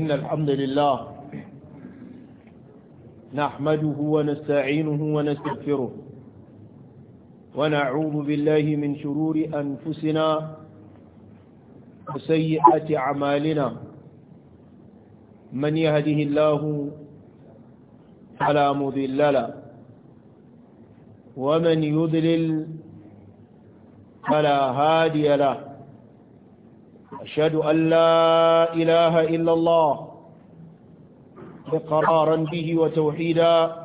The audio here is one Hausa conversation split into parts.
إن الحمد لله نحمده ونستعينه ونستغفره ونعوذ بالله من شرور أنفسنا وسيئات أعمالنا من يهده الله فلا مذلل له ومن يذلل فلا هادي له أشهد أن لا إله إلا الله إقرارا به وتوحيدا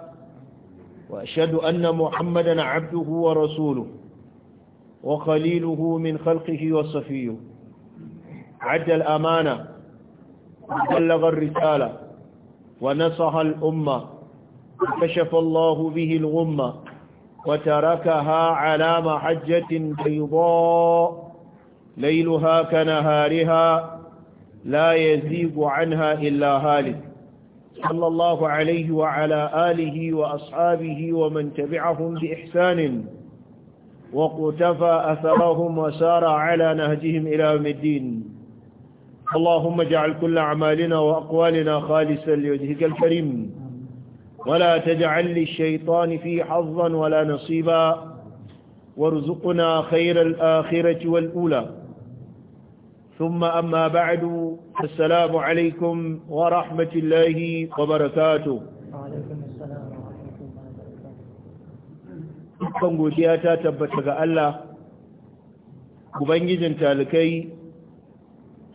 وأشهد أن محمدا عبده ورسوله وخليله من خلقه وصفيه عد الأمانة وبلغ الرسالة ونصح الأمة وكشف الله به الغمة وتركها على محجة بيضاء ليلها كنهارها لا يزيغ عنها إلا هالك صلى الله عليه وعلى آله وأصحابه ومن تبعهم بإحسان وقتفى أثرهم وسار على نهجهم إلى يوم الدين اللهم اجعل كل أعمالنا وأقوالنا خالصا لوجهك الكريم ولا تجعل للشيطان في حظا ولا نصيبا وارزقنا خير الآخرة والأولى ثم أما بعد السلام عليكم ورحمة wa وبركاته dukkan godiya ta tabbata ga Allah ubangijin talikai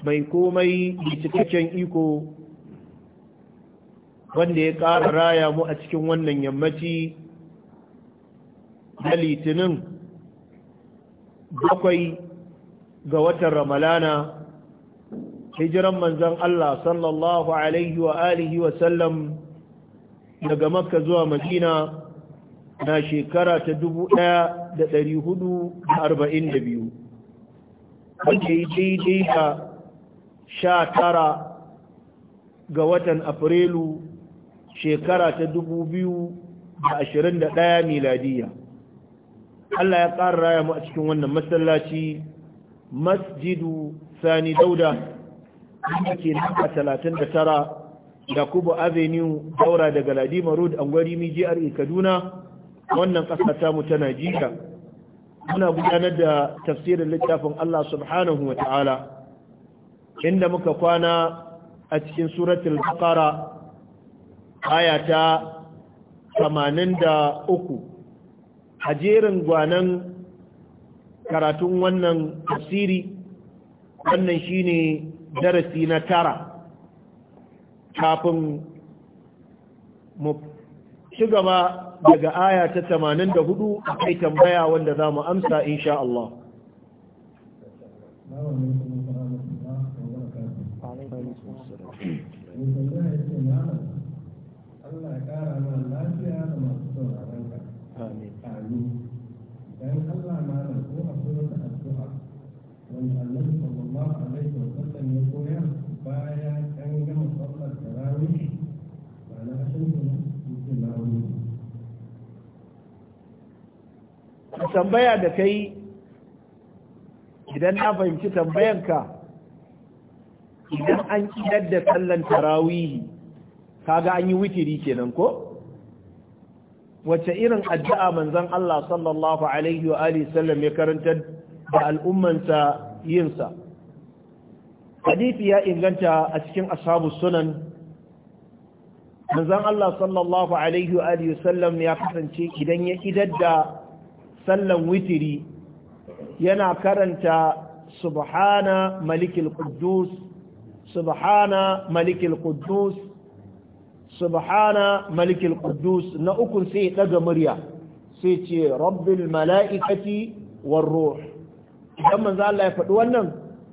mai komai da cikakken iko wanda ya ƙara raya mu a cikin wannan yammaci na litinin bakwai ga watan ramalana hijiran manzan Allah sallallahu alaihi wa alihi wa sallam daga makka zuwa madina na shekara ta biyu, wanda yi daidai da sha tara ga watan afrilu shekara ta da ashirin ɗaya miladiya Allah ya ƙara raya mu a cikin wannan masallaci masjidu sani dauda inda ke tara da yakubu avenue daura daga ladima road angwari mijiyar kaduna wannan ƙasa tamu ta jika. muna gudanar da tafsirin littafin allah subhanahu wa ta'ala inda muka kwana a cikin suratul bakara aya ta 83 a jerin gwanan karatun wannan tafsiri wannan shine darasi na tara kafin mu ci gaba daga aya ta 84 akwai tambaya wanda za mu amsa insha Allah tambaya da kai idan na fahimci tambayanka idan an kidar da sallan tarawihi kaga an yi witiri kenan ko wacce irin addu'a manzon Allah sallallahu alaihi wa alihi sallam ya karanta da al'ummansa yinsa hadisi ya inganta a cikin ashabu sunan manzon Allah sallallahu alaihi wa alihi sallam ya kasance idan ya kidar da sallan witiri yana karanta subhana malikil quddus subhana malikil quddus subhana malikil quddus na uku sai daga murya sai ce rabbil mala'ikati war ruh idan manzo Allah ya faɗi wannan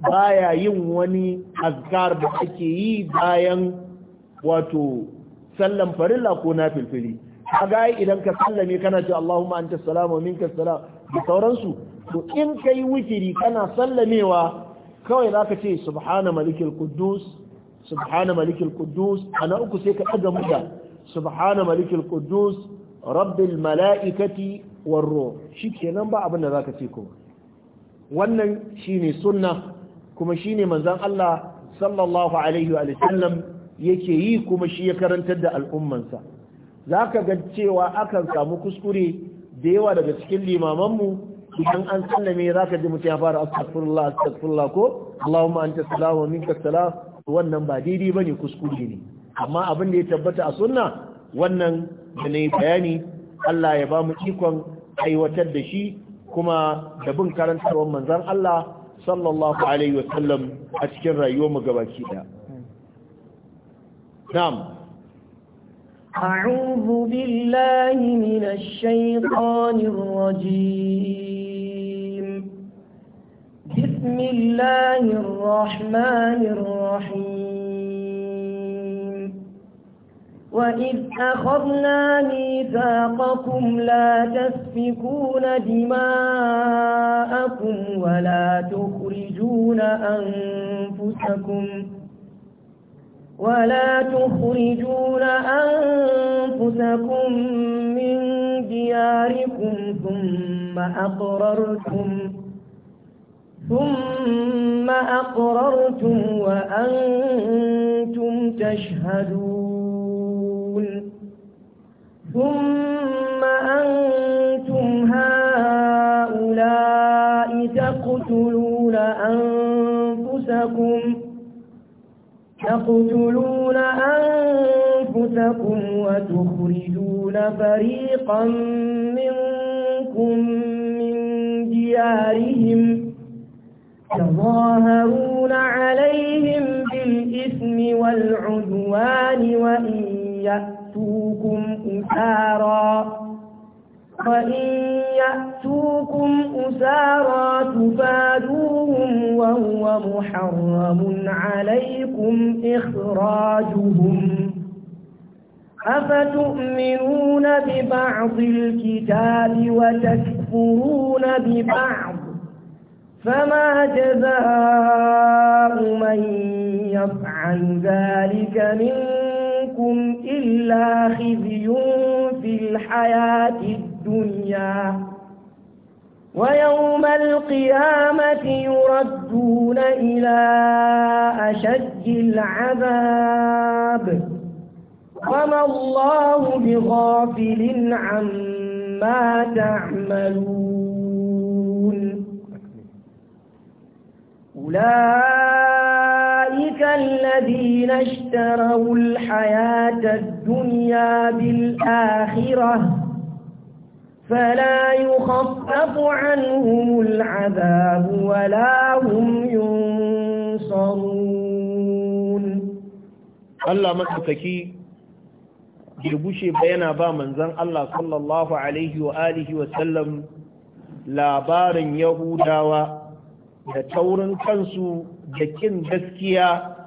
baya yin wani azkar da ake yi bayan wato sallan farilla ko na filfili kaga idan ka sallame kana ce Allahumma anta salamu wa minka salam da sauransu to in kai witiri kana sallamewa kawai zaka ce subhana malikil quddus subhana malikil quddus ana uku sai ka daga muda subhana malikil quddus rabbil malaikati war ruh shikenan ba abin da zaka ce kuma wannan shine sunna kuma shine manzon Allah sallallahu alaihi wa sallam yake yi kuma shi ya karantar da al'ummansa za ka ga cewa akan samu kuskure da yawa daga cikin limamanmu idan an sallame za ka ji mutum ya fara astagfirullah astagfirullah ko Allahumma anta salam wa ka salam wannan ba daidai ba ne kuskure ne amma abin da ya tabbata a sunna wannan da na yi bayani Allah ya ba mu ikon aiwatar da shi kuma da bin karantarwar manzon Allah sallallahu alaihi wasallam a cikin rayuwar mu gabaki da na'am أعوذ بالله من الشيطان الرجيم بسم الله الرحمن الرحيم وإذ أخذنا ميثاقكم لا تسفكون دماءكم ولا تخرجون أنفسكم ولا تخرجون أنفسكم من دياركم ثم أقررتم ثم أقررتم وأنتم تشهدون ثم أنتم هؤلاء تقتلون أنفسكم تقتلون أنفسكم وتخرجون فريقا منكم من ديارهم تظاهرون عليهم بالإثم والعدوان وإن يأتوكم أساراً فإن يأتوكم أسارى تفادوهم وهو محرم عليكم إخراجهم أفتؤمنون ببعض الكتاب وتكفرون ببعض فما جزاء من يفعل ذلك منكم إلا خزي في الحياة الدنيا ويوم القيامة يردون إلى أشد العذاب وما الله بغافل عما تعملون أولئك الذين اشتروا الحياة الدنيا بالآخرة فلا يخفف عنهم العذاب ولا هم ينصرون الله مكتكي girgushe ba yana ba manzan Allah sallallahu Alaihi wa alihi labarin Yahudawa da taurin kansu da kin gaskiya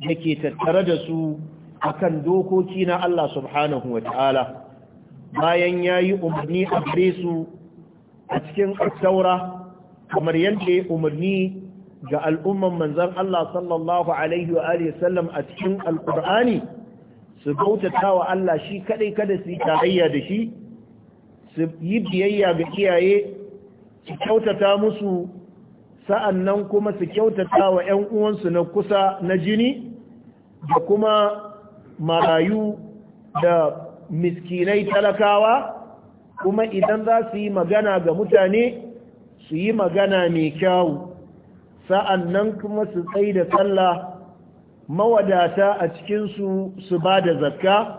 da ke tattare da su akan dokoki na Allah subhanahu wa ta'ala. bayan ya yi umarni a gare su a cikin attaura kamar yadda ya umarni ga al'umman manzan Allah sallallahu Alaihi wa sallam a cikin al'ur'ani su bautata wa Allah shi kaɗai kada su yi tarayya da shi su yi biyayya ga iyaye su kyautata musu sa'an nan kuma su kyautata wa ‘yan uwansu na kusa na jini da kuma marayu da miskinai talakawa kuma idan za su yi magana ga mutane su yi magana mai kyawu sa'an kuma su tsaye da sallah mawadata a cikinsu su ba da zakka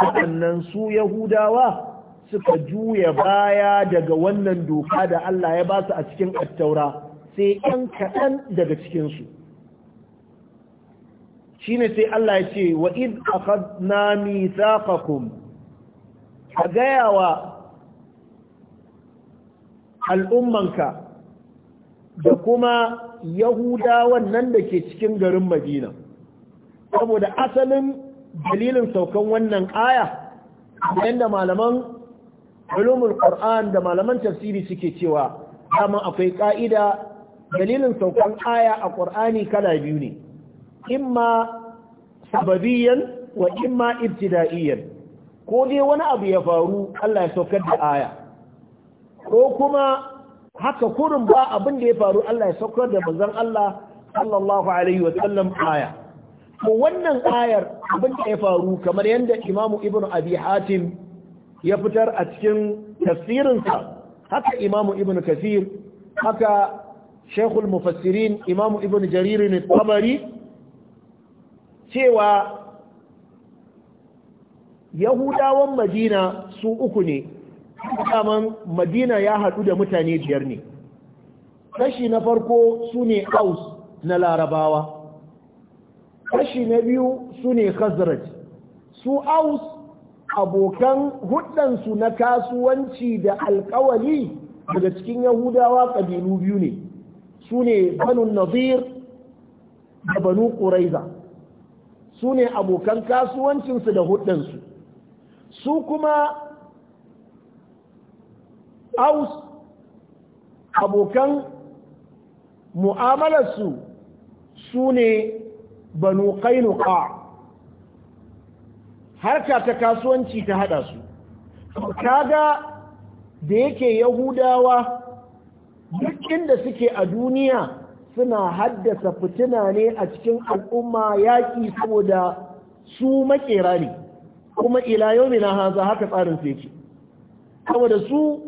sa'annan su yahudawa suka juya baya daga wannan doka da Allah ya ba su a cikin attaura sai ‘yan kaɗan daga cikinsu shine sai Allah ya ce wa id akhadna mithaqakum wa al'ummanka da kuma yahudawan nan da ke cikin garin madina saboda asalin dalilin saukan wannan aya yadda malaman ulumul qur'an da malaman tafsiri suke cewa dama akwai ka'ida dalilin saukan aya a qur'ani kala biyu ne imma sababiyan wa imma ibtida'iyan ko dai wani abu ya faru Allah ya saukar da aya ko kuma haka kurin ba abin da ya faru Allah ya saukar da manzon Allah sallallahu alaihi wa sallam aya ko wannan ayar abin da ya faru kamar yadda Imam Ibn Abi Hatim ya fitar a cikin tafsirinsa haka Imam Ibn Kathir haka Sheikhul Mufassirin Imam Ibn Jarir al-Tabari cewa yahudawan madina su uku ne daman madina ya haɗu da mutane biyar ne kashi na farko su ne aus na larabawa kashi na biyu su ne khazraj su aus abokan hudansu na kasuwanci da alkawali daga cikin yahudawa ƙabilu biyu ne su ne banu nazir da banu ƙuraiza su ne abokan kasuwancinsu da hudunsu su kuma aus abokan mu'amalarsu su ne banu kainuka harka ta kasuwanci ta hada su kaga da yake yahudawa duk inda suke a duniya suna haddasa fitina ne a cikin al'umma yaƙi saboda su makera ne kuma ila yau na haza haka tsarin su yake saboda su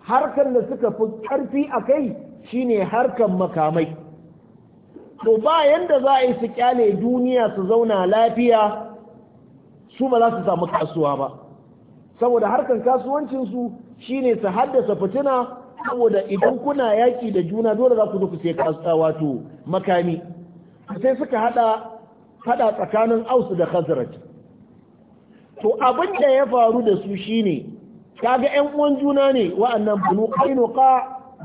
harkar da suka fi ƙarfi a kai shine harkar makamai to bayan da za a yi su kyale duniya su zauna lafiya su ba za su samu kasuwa ba saboda harkar kasuwancinsu shine su haddasa fitina saboda idan kuna yaki da juna dole za ku zo ku sai kasuwa wato makami sai suka hada fada tsakanin aus da khazraj to abin da ya faru da su shine kaga ƴan uwan juna ne wa'annan banu qainuqa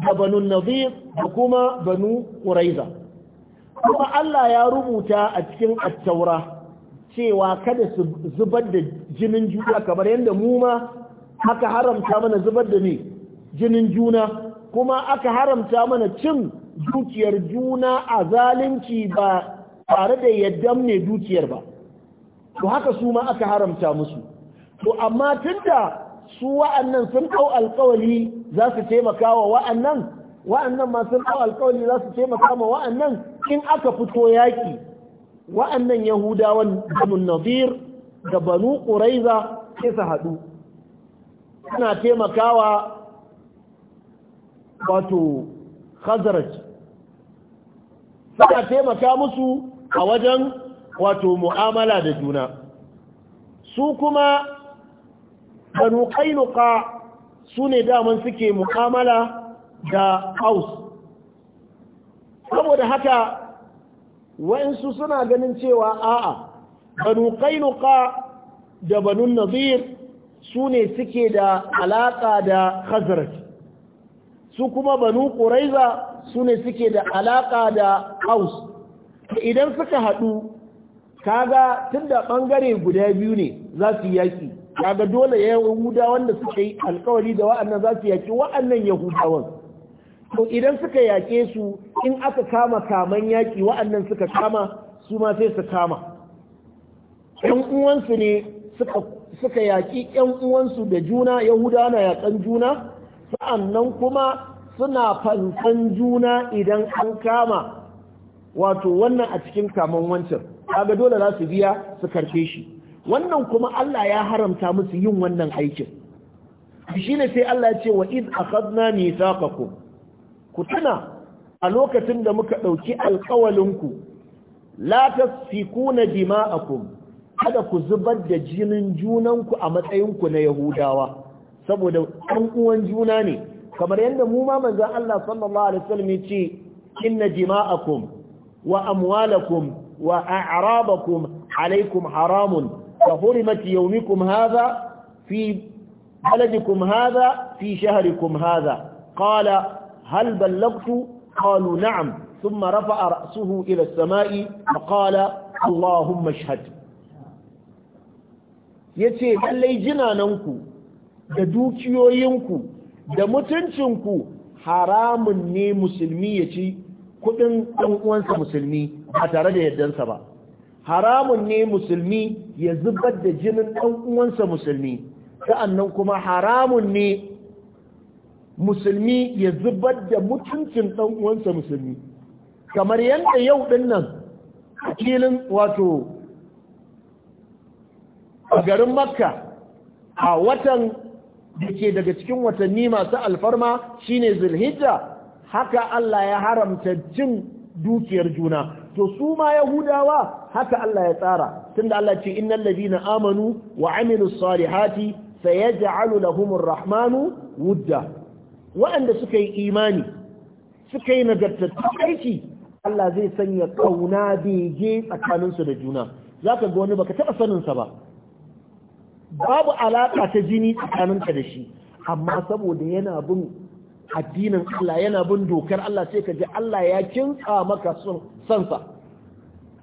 da banu nadir da kuma banu quraiza kuma Allah ya rubuta a cikin at-taura cewa kada su zubar da jinin juna kamar yadda mu ma haka haramta mana zubar da ne jinin juna kuma aka haramta mana cin dukiyar juna a zalunci ba tare da yadda ne dukiyar ba to haka su ma aka haramta musu to amma tunda su wa'annan sun kau alkawali za su taimaka wa wa'annan wa'annan ma sun kau alkawali za su taimaka ma wa'annan in aka fito yaki wa'annan yahudawan damun nazir da banu Ƙuraiza sai su haɗu suna taimakawa wato khazaraj suna taimaka musu a wajen wato mu'amala da juna su kuma banu kainuka su ne daman suke mu'amala da haus saboda haka wa'insu suna ganin cewa a'a banu kainuka da banu nazir su ne suke da alaka da khazaraj su kuma banu ƙuraiza su ne suke da alaƙa da aus idan suka haɗu kaga tun da ɓangare guda biyu ne za su yaƙi kaga dole ya yi yahuda wanda suka yi alkawari da wa'annan za su yaƙi wa'annan yahudawan to idan suka yaƙe su in aka kama kaman yaƙi wa'annan suka kama su ma sai su kama ‘yan uwansu ne suka yaƙi ƴan uwansu da juna yahudawa na yaƙan juna sa'annan kuma suna fansan juna idan an kama wato wannan a cikin kaman wancan kaga dole za su biya su karfe shi wannan kuma Allah ya haramta musu yin wannan aikin shine sai Allah ya ce wa iz akhadna mithaqakum ku tuna a lokacin da muka dauki alƙawalinku la tasfikuna dima'akum kada ku zubar da jinin junanku a matsayinku na yahudawa saboda ɗan uwan juna ne kamar yadda mu ma manzon Allah sallallahu alaihi wasallam ya ce inna jima'akum wa amwalakum wa a'rabakum alaikum haramun ka hurimat yawmikum hadha fi بلدكم هذا في شهركم هذا قال هل بلغت قالوا نعم ثم رفع رأسه إلى السماء فقال اللهم اشهد yace lallai jinananku da dukiyoyinku da mutuncinku haramun ne musulmi ya ci kudin ɗan uwansa musulmi a tare da yardansa ba haramun ne musulmi ya zubar da jinin ɗan uwansa musulmi sa'annan kuma haramun ne musulmi ya zubar da mutuncin ɗan uwansa musulmi kamar yadda yau ɗin nan a filin wato a garin makka a watan da ke daga cikin watanni masu alfarma shine zulhijja haka Allah ya haramta cin dukiyar juna to su ma yahudawa haka Allah ya tsara tunda Allah ce innal ladina amanu wa amilus salihati sayaj'alu lahumur rahmanu wudda waɗanda suka yi imani suka yi nagartattun aiki Allah zai sanya kauna bege tsakaninsu da juna zaka ga wani baka taɓa saninsa ba babu alaƙa ta jini tsakaninka da shi amma saboda yana bin addinin Allah yana bin dokar Allah sai ka ji Allah ya kinka maka sansa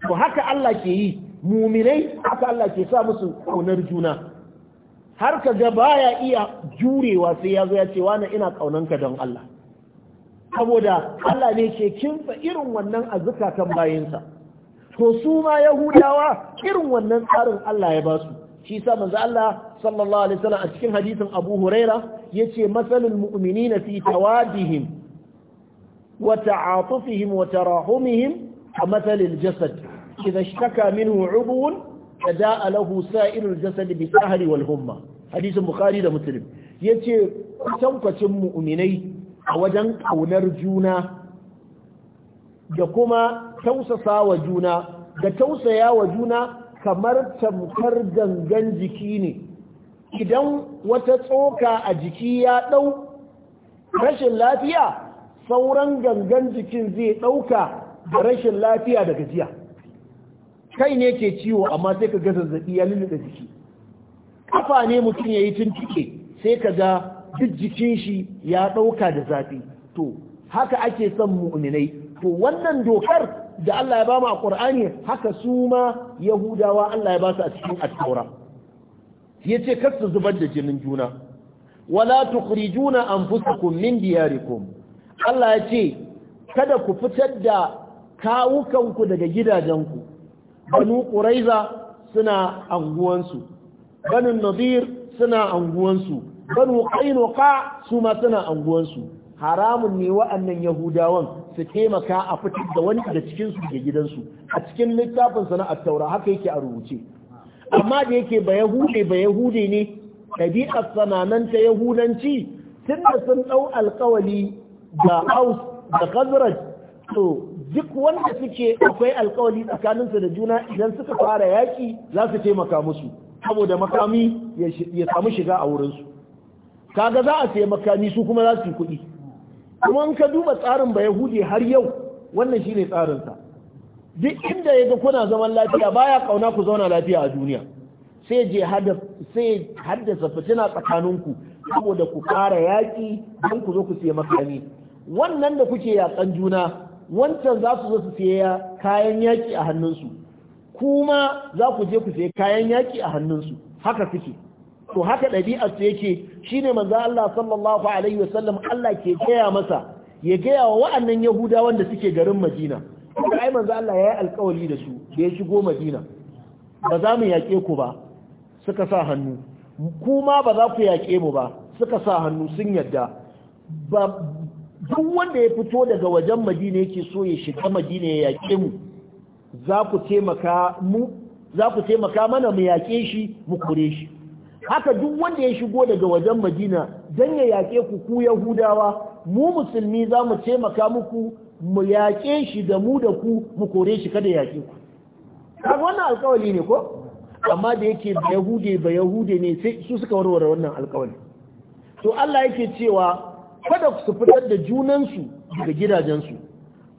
to haka Allah ke yi muminai haka Allah ke sa musu ƙaunar juna har ka ga baya iya jurewa sai ya zo ya ce wani ina ƙaunanka don Allah saboda Allah ne ke kinsa irin wannan kan bayinsa to su ma yahudawa irin wannan tsarin Allah ya ba su shi sa manzo Allah sallallahu alaihi wasallam a cikin hadisin Abu Huraira yace masalul mu'minina fi tawadihim wa ta'atufihim wa tarahumihim kamasalil jasad idha ishtaka minhu 'udwun tada'a lahu sa'irul jasad bi sahri wal humma hadisin Bukhari da Muslim yace tankwacin mu'minai a wajen kaunar juna da kuma tausasa wa juna da tausaya wa juna kamar tamkar gangan jiki ne idan wata tsoka a jiki ya ɗau rashin lafiya sauran gangan jikin zai ɗauka da rashin lafiya da gajiya kai ne ke ciwo amma sai ka ga zazzaɓi ya lulluɗa jiki kafa ne mutum ya yi tuntuke sai ka ga duk jikin shi ya ɗauka da zafi to haka ake son mu'minai to wannan dokar da Allah ya ba mu a Qur'ani haka su ma Yahudawa Allah ya ba su a cikin at yace kar su zubar da jinin juna wala tukhrijuna anfusakum min diyarikum Allah ya ce kada ku fitar da kawukanku daga gidajenku banu quraiza suna anguwansu banu nadir suna anguwansu banu qainuqa su ma suna anguwansu haramun ne wa'annan yahudawan su taimaka a fitar da wani da cikin su ke gidansu a cikin littafin sana'ar taura haka yake a rubuce amma da yake ba yahude ba yahude ne ɗabi'ar sananan ta yahudanci tun da sun ɗau alkawali da aus da khazraj to duk wanda suke akwai alkawali tsakaninsu da juna idan suka fara yaki za su taimaka musu saboda makami ya samu shiga a wurinsu kaga za a sai makami su kuma za su yi kuɗi kuma in ka duba tsarin ba yahudi har yau wannan shine tsarinsa duk inda ya ga kuna zaman lafiya baya kauna ku zauna lafiya a duniya sai je sai haddasa fitina tsakaninku saboda ku fara yaƙi don ku zo ku siya makami wannan da kuke yaƙan juna wancan za su zo su siya kayan yaƙi a hannunsu kuma za ku je ku siya kayan yaƙi a hannunsu haka kuke to haka ɗabi'ar su yake ne manzo Allah sallallahu alaihi wasallam Allah ke gaya masa ya gaya wa wa'annan Yahuda wanda suke garin Madina ai manza Allah ya yi alkawali da su da ya shigo Madina ba za mu yaƙe ku ba suka sa hannu kuma ba za ku yaƙe mu ba suka sa hannu sun yadda ba duk wanda ya fito daga wajen madina yake so ya shiga madina ya yaƙe mu za ku taimaka mu za ku taimaka mana mu yaƙe shi mu kure shi haka duk wanda ya shigo daga wajen madina don ya yaƙe ku ku yahudawa mu musulmi za mu taimaka muku mu yaƙe shi da mu da ku mu kore shi kada yaƙe ku kaga wannan alkawali ne ko amma da yake da yahude ba yahude ne sai su suka warware wannan alkawali to Allah yake cewa kada su fitar da junansu daga gidajensu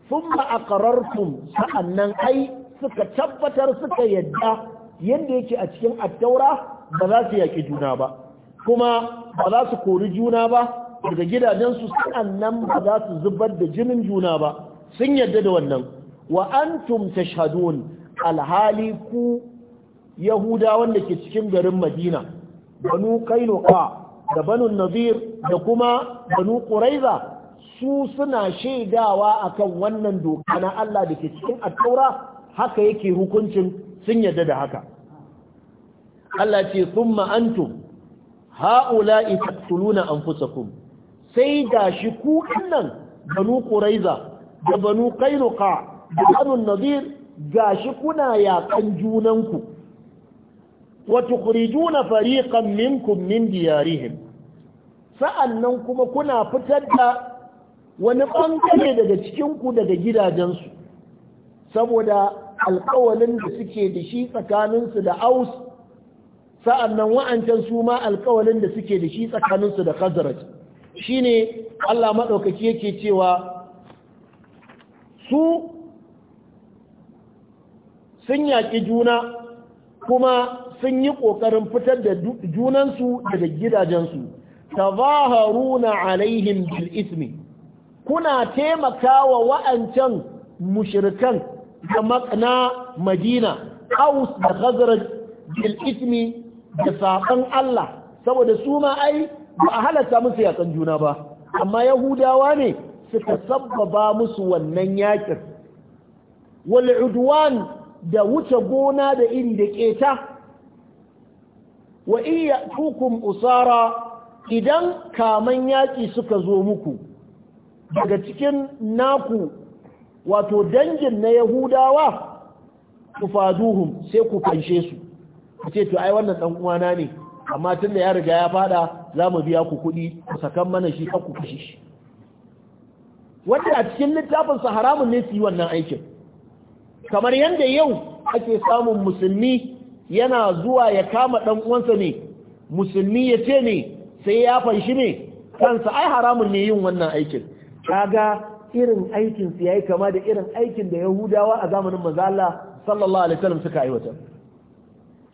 thumma aqarartum sa'annan ai suka tabbatar suka yadda yadda yake a cikin at ba za su yaƙi juna ba kuma ba za su kori juna ba daga gidajensu nan ba za su zubar da jinin juna ba sun yadda da wannan wa antum alhali ku Yahuda wanda ke cikin garin madina banu kainuka da banu nazir da kuma banu ƙuraiza su suna shaidawa akan wannan doka na Allah da ke cikin a taura haka yake hukuncin sun yadda da haka Allah ce thumma antum ha'ula'i taqtuluna anfusakum sai gashi ku nan banu ƙuraiza da banu qainuqa da banu nadir gashi kuna yakan junanku wa tukhrijuna fariƙan minkun min diyarihim nan kuma kuna fitar da wani bangare daga cikinku daga gidajensu saboda alƙawalin da suke da shi tsakaninsu da aus sa'an nan wa'ancan su ma alkawalin da suke da shi tsakaninsu da shi ne Allah maɗaukaki yake cewa su sun yaƙi juna kuma sun yi ƙoƙarin fitar da junansu daga gidajensu tazaharuna alaihim bil ismi kuna taimaka wa wa'ancan mushirkan da na Madina Aus da Khazraj bil da saƙon Allah saboda su ma ai ba a halatta musu yakan juna ba amma yahudawa ne suka sabbaba musu wannan yaƙin. wal'uduwan da wuce gona da iri da ƙeta wa iya hukum usara idan kaman yaƙi suka zo muku daga cikin naku wato dangin na yahudawa tufaduhum sai ku fanshe su ku ce to ai wannan dan uwana ne amma tunda ya riga ya fada za mu biya ku kuɗi ku sakan mana shi har ku kashe shi wanda a cikin littafin sa haramun ne su yi wannan aikin kamar yadda yau ake samun musulmi yana zuwa ya kama dan uwansa ne musulmi ya ce ne sai ya fanshi ne kansa ai haramun ne yin wannan aikin kaga irin aikin su yayi kama da irin aikin da Yahudawa a zamanin manzo sallallahu alaihi wasallam suka aiwatar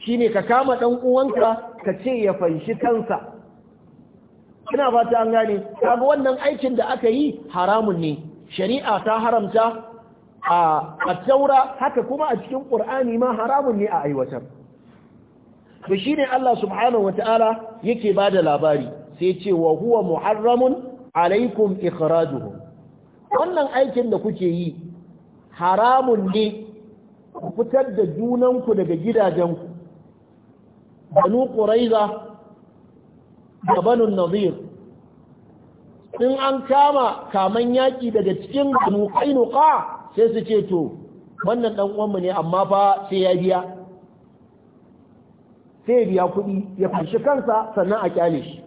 shine ka kama ɗan uwanka ka ce ya fanshi kansa ina ba ta an gane kaga wannan aikin da aka yi haramun ne shari'a ta haramta a taura haka kuma a cikin ƙur'ani ma haramun ne a aiwatar to shine Allah subhanahu wata'ala yake bada labari sai ce wa huwa muharramun alaikum ikhrajuhum wannan aikin da kuke yi haramun ne ku fitar da junanku daga gidajenku banu ƙuraiza da banu nazir in an kama kaman yaƙi daga cikin banu ƙainuka sai su ce to wannan ɗan ne amma fa sai ya biya sai biya kuɗi ya fashi kansa sannan a ƙyale shi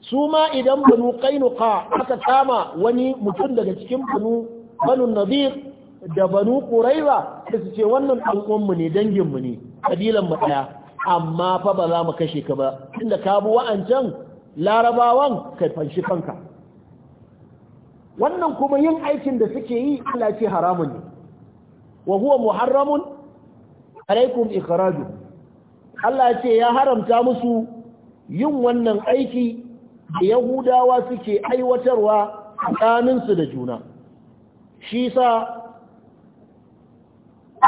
su ma idan banu ƙainuka aka kama wani mutum daga cikin banu banu nazir da banu ƙuraiza sai su ce wannan ɗanuwanmu uwanmu ne danginmu ne ƙabilanmu ɗaya amma fa ba za mu kashe ka ba tunda ka bi wa'ancan larabawan kai fanshi kanka wannan kuma yin aikin da suke yi Allah ce haramun ne wa huwa muharramun alaikum ikhraju Allah ce ya haramta musu yin wannan aiki da yahudawa suke aiwatarwa tsakaninsu da juna shi sa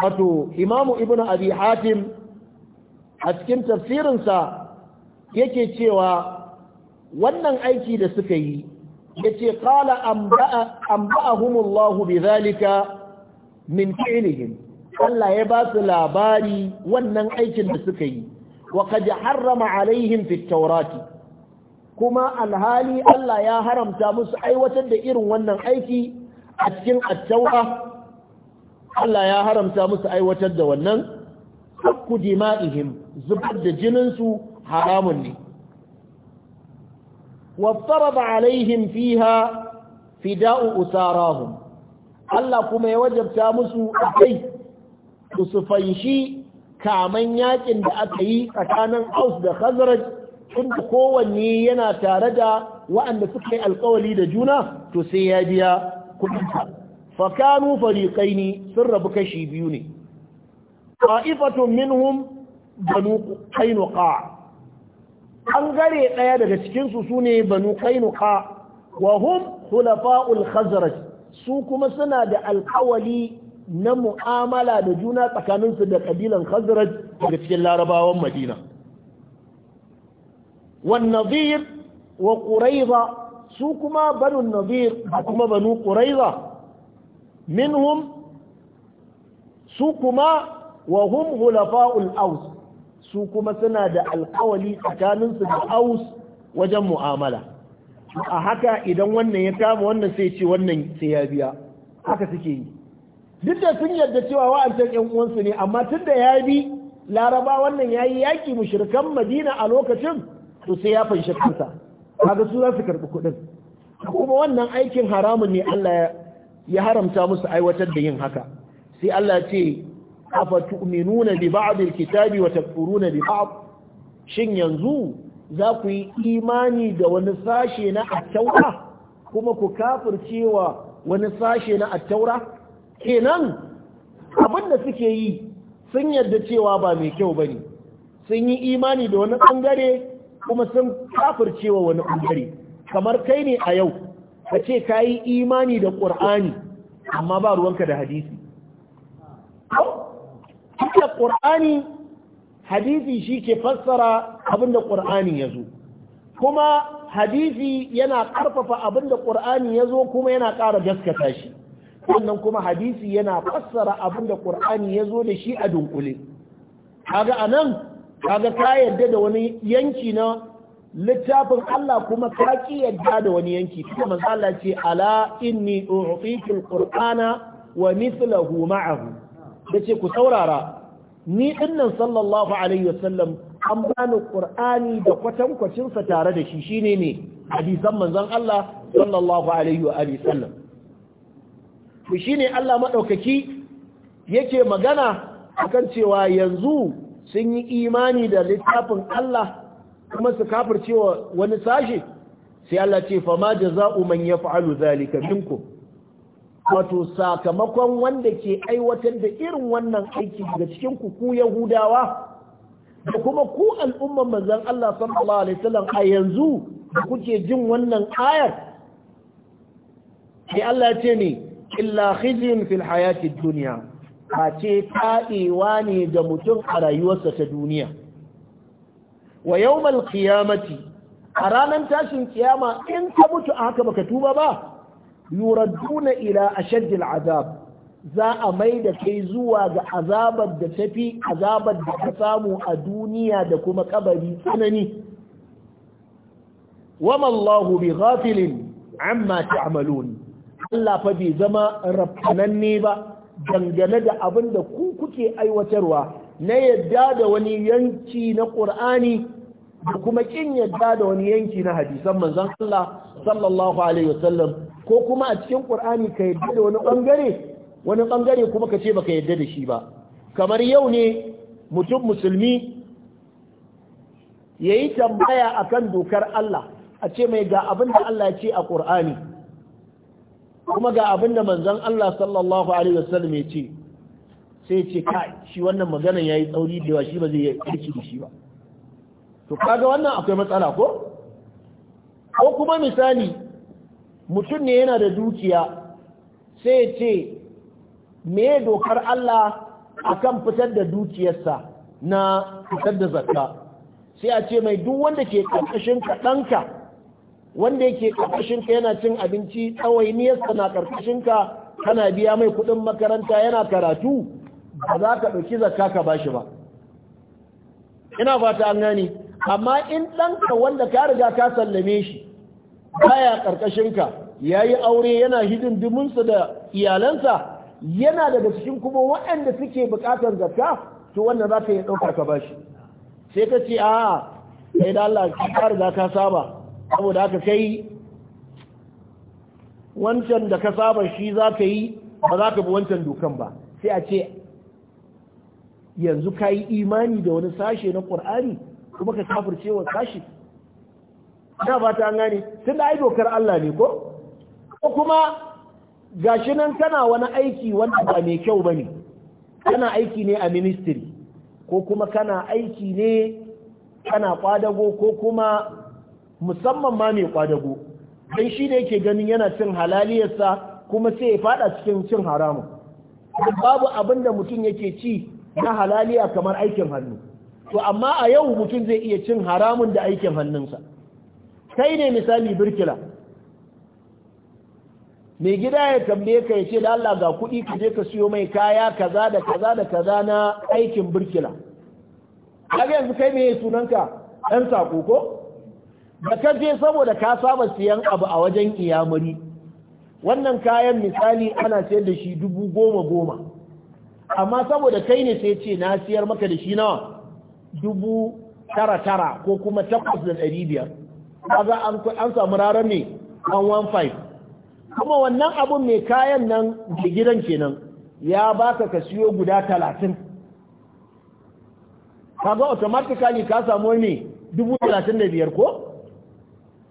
wato imamu ibnu abi hatim a cikin tafsirinsa yake cewa wannan aiki da suka yi ya ce ƙala an ba'ahumullahu bi zalika min fi'lihim Allah ya ba su labari wannan aikin da suka yi wa qad harrama alaihim fi kuma alhali Allah ya haramta musu aiwatar da irin wannan aiki a cikin at Allah ya haramta musu aiwatar da wannan sakku dima'ihim zubar da jininsu haramun ne وافترض alaihim fiha fida'u أساراهم Allah kuma ya wajabta musu akai su sufanshi kaman yakin da aka yi tsakanin Aus da Khazraj tunda kowanne yana tare da waɗanda suka yi alkawali da juna to sai ya biya kuɗinsa fa kanu fariqaini sun rabu kashi biyu ne ta'ifatun minhum banu qainuqa gare daya daga cikin su sune banu qainuqa wa hum khulafa'ul khazraj su kuma suna da alkawali na mu'amala da juna tsakaninsu da kabilan khazraj daga cikin larabawan madina wan nadir wa quraiza su kuma banu nadir da kuma banu quraiza minhum su kuma wa hum hulafa'ul aus su kuma suna da tsakanin tsakaninsu da aus wajen mu'amala a haka idan wannan ya kama wannan sai ce wannan sai ya biya haka suke yi duk da sun yarda cewa wa'ancan yan uwansu ne amma tun da ya bi laraba wannan ya yi yaƙi mushrikan madina a lokacin to sai ya fanshi kansa kaga su za su karɓi kuɗin kuma wannan aikin haramun ne Allah ya haramta musu aiwatar da yin haka sai Allah ce afatu'minuna bi ba'd kitabi wa takfuruna bi ba'd shin yanzu za ku yi imani da wani sashe na attaura kuma ku kafircewa wani sashe na attaura kenan abin da suke yi sun yarda cewa ba mai kyau bane sun yi imani da wani bangare kuma sun kafircewa wani bangare kamar kai ne a yau ka ce ka yi imani da ƙur'ani amma ba ruwanka da hadisi duka ƙur'ani hadisi shi ke fassara abinda ƙur'ani ya zo kuma hadisi yana ƙarfafa abinda ƙur'ani ya zo kuma yana ƙara gaskata shi sannan kuma hadisi yana fassara abinda ƙur'ani ya zo da shi a dunkule kaga a nan kaga ka yarda da wani yanki na littafin Allah kuma ka ki yarda da wani yanki kuma manzo Allah ce ala inni u'tikal qur'ana wa mithluhu ma'ahu ya ce ku saurara ni ɗinnan sallallahu alaihi wasallam an bani ƙur'ani da kwatankwacinsa tare da shi shi ne hadisan manzon Allah sallallahu alaihi wa sallam. sallam shi shine Allah maɗaukaki yake magana akan cewa yanzu sun yi imani da littafin Allah kuma su kafircewa wani sashe? sai Allah ce fa ma jaza'u man yaf'alu zalika minkum wato sakamakon wanda ke aiwatar da irin wannan aiki daga cikin ku yahudawa da kuma ku al'umman manzon Allah sallallahu alaihi wasallam a yanzu kuke jin wannan ayar sai Allah ce ne illa khizyun fil hayati dunya a ce kaɗewa ne ga mutum a rayuwarsa ta duniya wa yawmal qiyamati a ranar tashin kiyama in ka mutu a haka baka tuba ba yuradduna ila ashaddil azab za a mai da kai zuwa ga azabar da tafi azabar da ka samu a duniya da kuma kabari tsanani wama Allahu bi ghafilin amma ta'malun Allah fa bai zama rabbananne ba dangane da abin da ku kuke aiwatarwa na yadda da wani yanci na Qur'ani da kuma kin yadda da wani yanki na hadisan manzon Allah sallallahu alaihi wasallam ko kuma a cikin Qur'ani ka yadda da wani bangare wani bangare kuma ka ce baka yadda da shi ba kamar yau ne mutum musulmi yayi tambaya akan dokar Allah a ce mai ga abin da Allah ya ce a Qur'ani kuma ga abin da manzon Allah sallallahu alaihi wasallam ya ce sai ce kai shi wannan maganan yayi tsauri da shi ba zai yi aiki da shi ba to kaga wannan akwai matsala ko ko kuma misali mutum ne yana da dukiya sai ya ce me dokar Allah akan fitar da dukiyarsa na fitar da zakka sai a ce mai duk wanda ke karkashin ka ɗanka wanda yake karkashin ka yana cin abinci yasa na karkashin ka kana biya mai kuɗin makaranta yana karatu ba za ka ɗauki zakka ka bashi ba ina fata an gani amma in ɗanka wanda ka riga ka sallame shi baya ƙarƙashinka ya yi aure yana hidindiminsa da iyalansa yana daga cikin kuma waɗanda suke buƙatar zakka to wanda za ka yi ɗauka ka ba shi sai ka ce a kai da Allah ka riga ka saba saboda haka kai wancan da ka saba shi za ka yi ba za ka bi wancan dokan ba sai a ce yanzu ka yi imani da wani sashe na ƙur'ani kuma ka kafirce wa kashi da ba ta gane tun da ai dokar Allah ne ko ko kuma gashi nan kana wani aiki wanda ba mai kyau bane kana aiki ne a ministry ko kuma kana aiki ne kana kwadago ko kuma musamman ma mai kwadago dan shi ne yake ganin yana cin halaliyarsa kuma sai ya fada cikin cin haramun babu abin da mutum yake ci na halaliya kamar aikin hannu to amma a yau mutum zai iya cin haramun da aikin hannunsa kai ne misali birkila mai gida ya tambaye ka ya ce da Allah ga kuɗi ka je ka siyo mai kaya kaza da kaza da kaza na aikin birkila kaga yanzu kai mai sunanka ɗan sako ko da ka je saboda ka saba siyan abu a wajen iyamuri wannan kayan misali ana sayar da shi dubu goma goma amma saboda kai ne sai ce na siyar maka da shi nawa dubu tara tara ko kuma takwas da ɗari biyar kaga an samu rarar ne an one five kuma wannan abun mai kayan nan da gidan kenan ya baka ka siyo guda talatin kaga automatically ka samu ne dubu talatin da biyar ko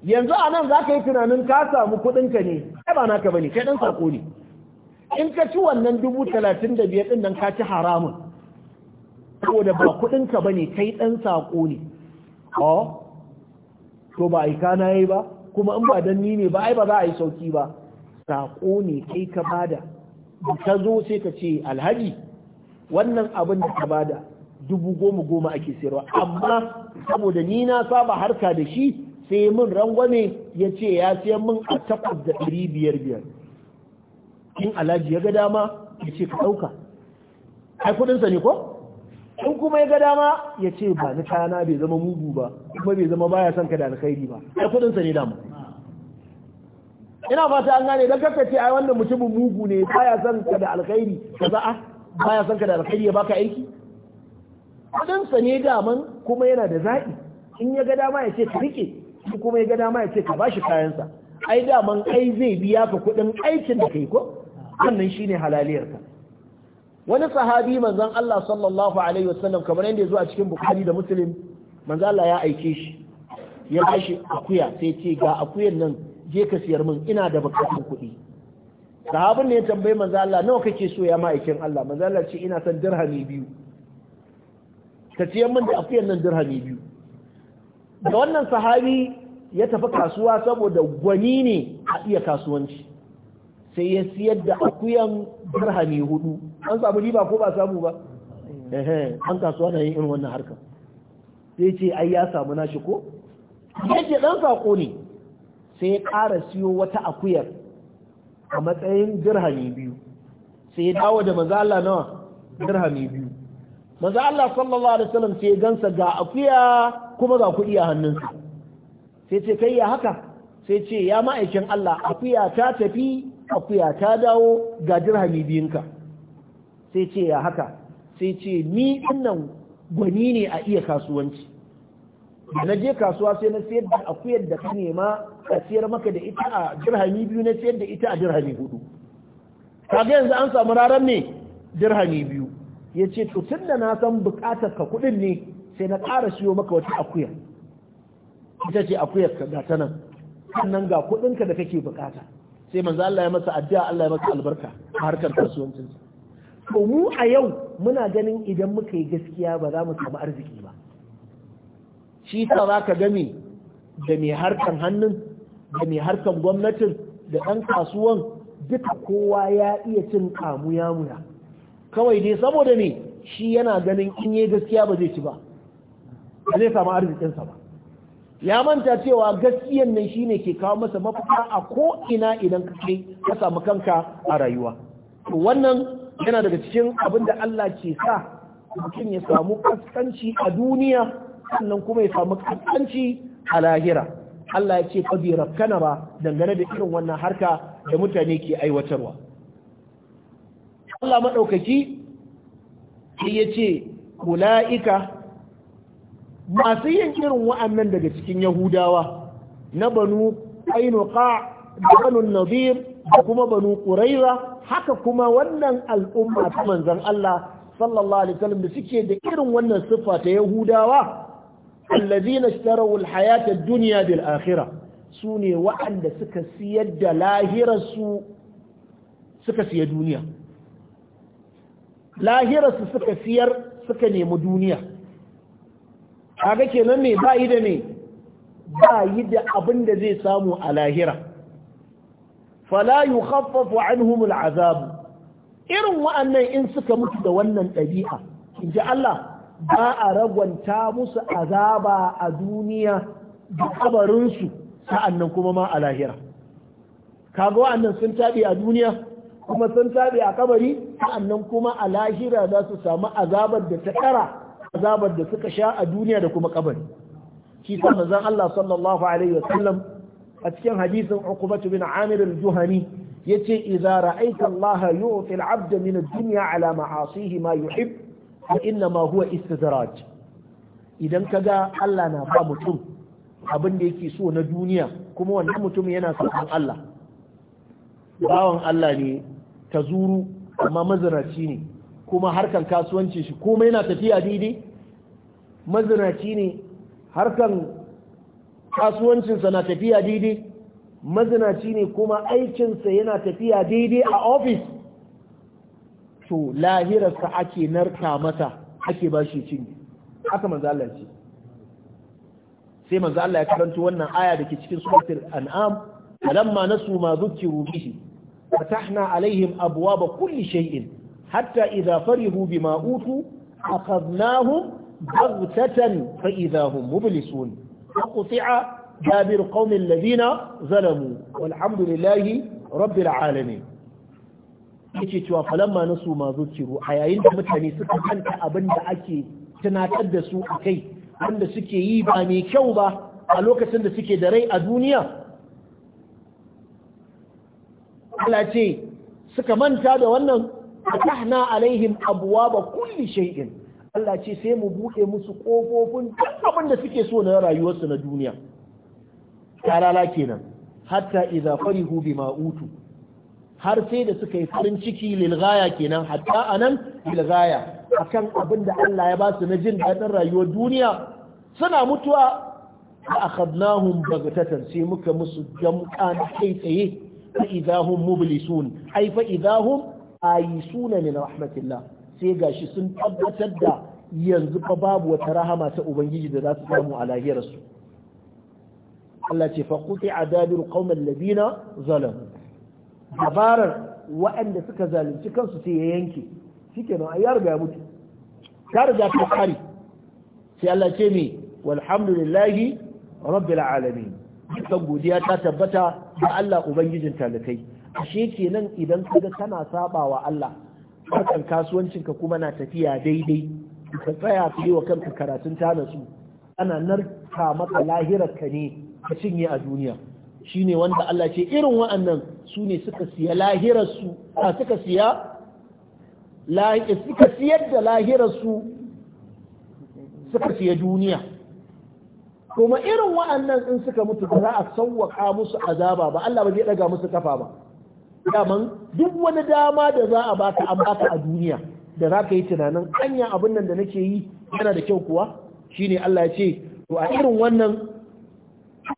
yanzu a nan za ka yi tunanin ka samu ka ne Kai ba naka ba ne kai ɗan sako ne in ka ci wannan dubu talatin da biyar ɗin nan ka ci haramun saboda ba kudinka ba ne kai ɗan sako ne to ba aika na yi ba kuma in ba don ni ne ba ai ba za a yi sauki ba saƙo ne kai ka bada ka zo sai ka ce alhaji wannan abin da ka bada dubu goma goma ake sayarwa amma saboda ni na saba harka da shi sai mun rangwame ya ce ya sayar min a takwas da ɗari biyar biyar in alhaji ya ga dama ya ce ka ɗauka ai kuɗinsa ne ko in kuma ya ga dama ya ce ba ni kana bai zama mugu ba kuma bai zama baya son ka da alkhairi ba ai kudin sa ne da mu ina fata an gane dan kaka ce ai wannan mutumin mugu ne baya son ka da alkhairi za a ah, baya son ka da alkhairi ya baka aiki kudin sa ne da kuma yana da zabi in ya ga dama ya ce ka rike in kuma ya ga dama ya ce ka bashi kayan sa ai da ai zai biya ka kudin aikin da kai ko wannan shine halaliyarka wani sahabi manzon Allah sallallahu alaihi wasallam kamar yadda ya zo a cikin Bukhari da Muslim manzon Allah ya aike shi ya bashi akuya sai ce ga akuyan nan je ka siyar min ina da bukatun kuɗi sahabin ne ya tambayi manzon Allah nawa kake so ya ma'aikin Allah manzon Allah ce ina son dirhami biyu ka siyar min da akuyan nan dirhami biyu da wannan sahabi ya tafi kasuwa saboda gwani ne a iya kasuwanci sai ya siyar da akuyan dirhami hudu an samu riba ko ba samu ba an kasuwa na yin irin wannan harkar sai ce ai ya samu nashi ko yake dan sako ne sai ya kara siyo wata akuyar a matsayin dirhami biyu sai ya dawo da mazala nawa dirhami biyu mazala sallallahu alaihi wasallam sai ya gansa ga akuya kuma ga kuɗi a hannunsa sai ce kai ya haka sai ce ya ma'aikin Allah akuya ta tafi akuya ta dawo ga dirhami biyunka sai ce ya haka sai ce ni wannan gwani ne a iya kasuwanci da na je kasuwa sai na sayar da akuyar da ka nema ka sayar maka da ita a dirhami biyu na sayar da ita a dirhami hudu kaga yanzu an samu raran ne dirhami biyu ya ce to tun da na san bukatar ka kudin ne sai na ƙara siyo maka wata akuya ita ce akuyar ka ga ta nan sannan ga kuɗinka da kake bukata sai manzo Allah ya masa addu'a Allah ya masa albarka a harkar kasuwancin to mu a yau muna ganin idan muka yi gaskiya ba za mu samu arziki ba shi ta za ka gami da mai harkan hannun da mai harkan gwamnatin da ɗan kasuwan duka kowa ya iya cin kamu ya muna kawai dai saboda ne shi yana ganin in yi gaskiya ba zai ci ba ba zai samu arzikinsa ba ya manta cewa gaskiyan nan shine ke kawo masa mafita a ko ina idan ka kai ka samu kanka a rayuwa to wannan yana daga cikin abin da Allah ke sa mutum ya samu kaskanci a duniya sannan kuma ya samu kaskanci a lahira Allah ya ce fa bi rakkana ba dangane da irin wannan harka da mutane ke aiwatarwa Allah maɗaukaki sai ya ce ula'ika masu yin irin wa'annan daga cikin yahudawa na banu ainuka da banu nadir da kuma banu Ƙuraira. haka kuma wannan al'umma ta manzon Allah sallallahu alaihi wasallam da suke da irin wannan siffa ta yahudawa allazina ishtaraw alhayata ad-dunya bil akhirah sune wa'anda suka siyar da suka siya duniya lahirarsu suka siyar suka nemi duniya kaga kenan me ba yi da me ba yi da abin da zai samu a lahira fala yukhaffafu anhum irin wa'annan in suka mutu da wannan ɗabi'a. inji Allah ba a ragwanta musu azaba a duniya da kabarinsu. sa'annan kuma ma a lahira kaga wa'annan sun tabi a duniya kuma sun tabi a kabari sa'annan kuma a lahira za su samu azabar da ta kara azabar da suka sha a duniya da kuma kabari shi sa manzon Allah sallallahu alaihi wasallam a cikin hadisin Uqbah bin Amir al-Juhani yace idza ra'aita Allah yu'ti al-'abd min ad-dunya ala ma'asihi ma yuhib fa inna ma huwa istidraj idan kaga Allah na ba mutum abin da yake so na duniya kuma wannan mutum yana son Allah bawan Allah ne ta zuru amma mazinaci ne kuma harkan kasuwanci shi komai yana tafiya daidai mazinaci ne harkan kasuwancinsa na tafiya daidai mazinaci ne kuma aikinsa yana tafiya daidai a ofis to lahirarsa ake narka mata ake ba shi cinye haka manzo Allah ce sai manzo Allah ya karanto wannan aya da cikin suratul an'am alamma nasu ma dhukiru bihi fatahna alaihim abwaba kulli shay'in hatta idza farihu bima utu akhadnahum بغتة فإذا هم مبلسون فقطع دابر قوم الذين ظلموا والحمد لله رب العالمين yake cewa falamma na su ma a yayin da mutane suka kanta abin da ake tunatar da su a kai wanda suke yi ba mai kyau ba a lokacin da suke da rai a duniya Allah ce suka manta da wannan fatahna alaihim ba kulli shay'in Allah ce sai mu buɗe musu ƙofofin duk abin da suke so na rayuwarsu na duniya tarala kenan hatta iza farihu bima mautu har sai da suka yi farin ciki lilgaya kenan hatta anan lilgaya. A akan abin da Allah ya ba su na jin daɗin rayuwar duniya suna mutuwa a akhadnahum baghtatan sai muka musu jam'an kai tsaye fa idahum mublisun ai fa idahum ayisuna min rahmatillah sai gashi sun tabbatar da yanzu fa babu wata rahama ta ubangiji da za su samu a lahirarsu Allah ce fa a adabir qaumar Labina, zalamu dabarar waɗanda suka zalunci kansu sai ya yanke shikenan ai ya riga mutu Ta riga ta kare sai Allah ce me walhamdulillahi rabbil alamin dukkan godiya ta tabbata ga Allah ubangijin talakai ashe kenan idan kaga kana sabawa Allah harkar kasuwancinka kuma na tafiya daidai ka tsaya ka yi wa kanka karatun tana su ana narka maka lahirarka ne ka cinye a duniya Shi ne wanda Allah ce irin wa'annan su ne suka siya lahirarsu a suka siya suka siyar da lahirarsu suka siya duniya kuma irin wa'annan in suka mutu ba za a sauwaka musu azaba ba Allah ba zai daga musu kafa ba daman duk wani dama da za a baka an baka a duniya da za ka yi tunanin hanya abin nan da nake yi yana da kyau kuwa shine Allah ya ce to a irin wannan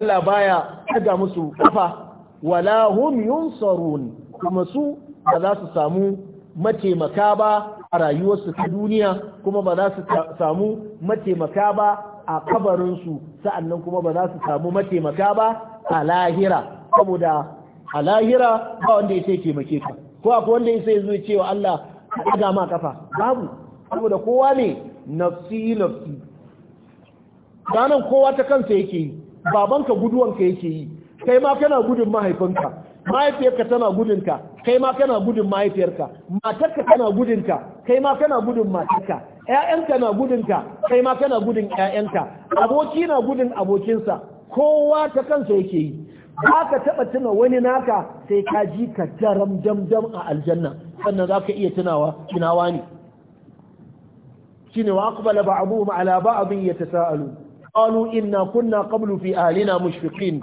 Allah baya daga musu kafa wala hum yunsarun kuma su ba za su samu mataimaka ba a rayuwarsu ta duniya kuma ba za su samu mataimaka ba a kabarinsu sa'annan kuma ba za su samu mataimaka ba a lahira saboda a lahira ba wanda ya sai taimake ka ko akwai wanda ya sai zuwa cewa Allah daga ma kafa babu saboda kowa ne nafsi nafsi ranan kowa ta kansa yake yi babanka guduwanka yake yi kai ma kana gudun mahaifinka mahaifiyarka tana gudunka kai ma kana gudun mahaifiyarka matarka tana gudunka kai ma kana gudun matarka ƴaƴanka na gudunka kai ma kana gudun ƴaƴanka aboki na gudun abokinsa kowa ta kansa yake yi ba ka taɓa tuna wani naka sai ka ji ka daram a aljanna sannan za ka iya tunawa tunawa ne shine wa aqbala ba'dhum ala ba'dhin yatasaalu qalu inna kunna qablu fi ahlina mushfiqin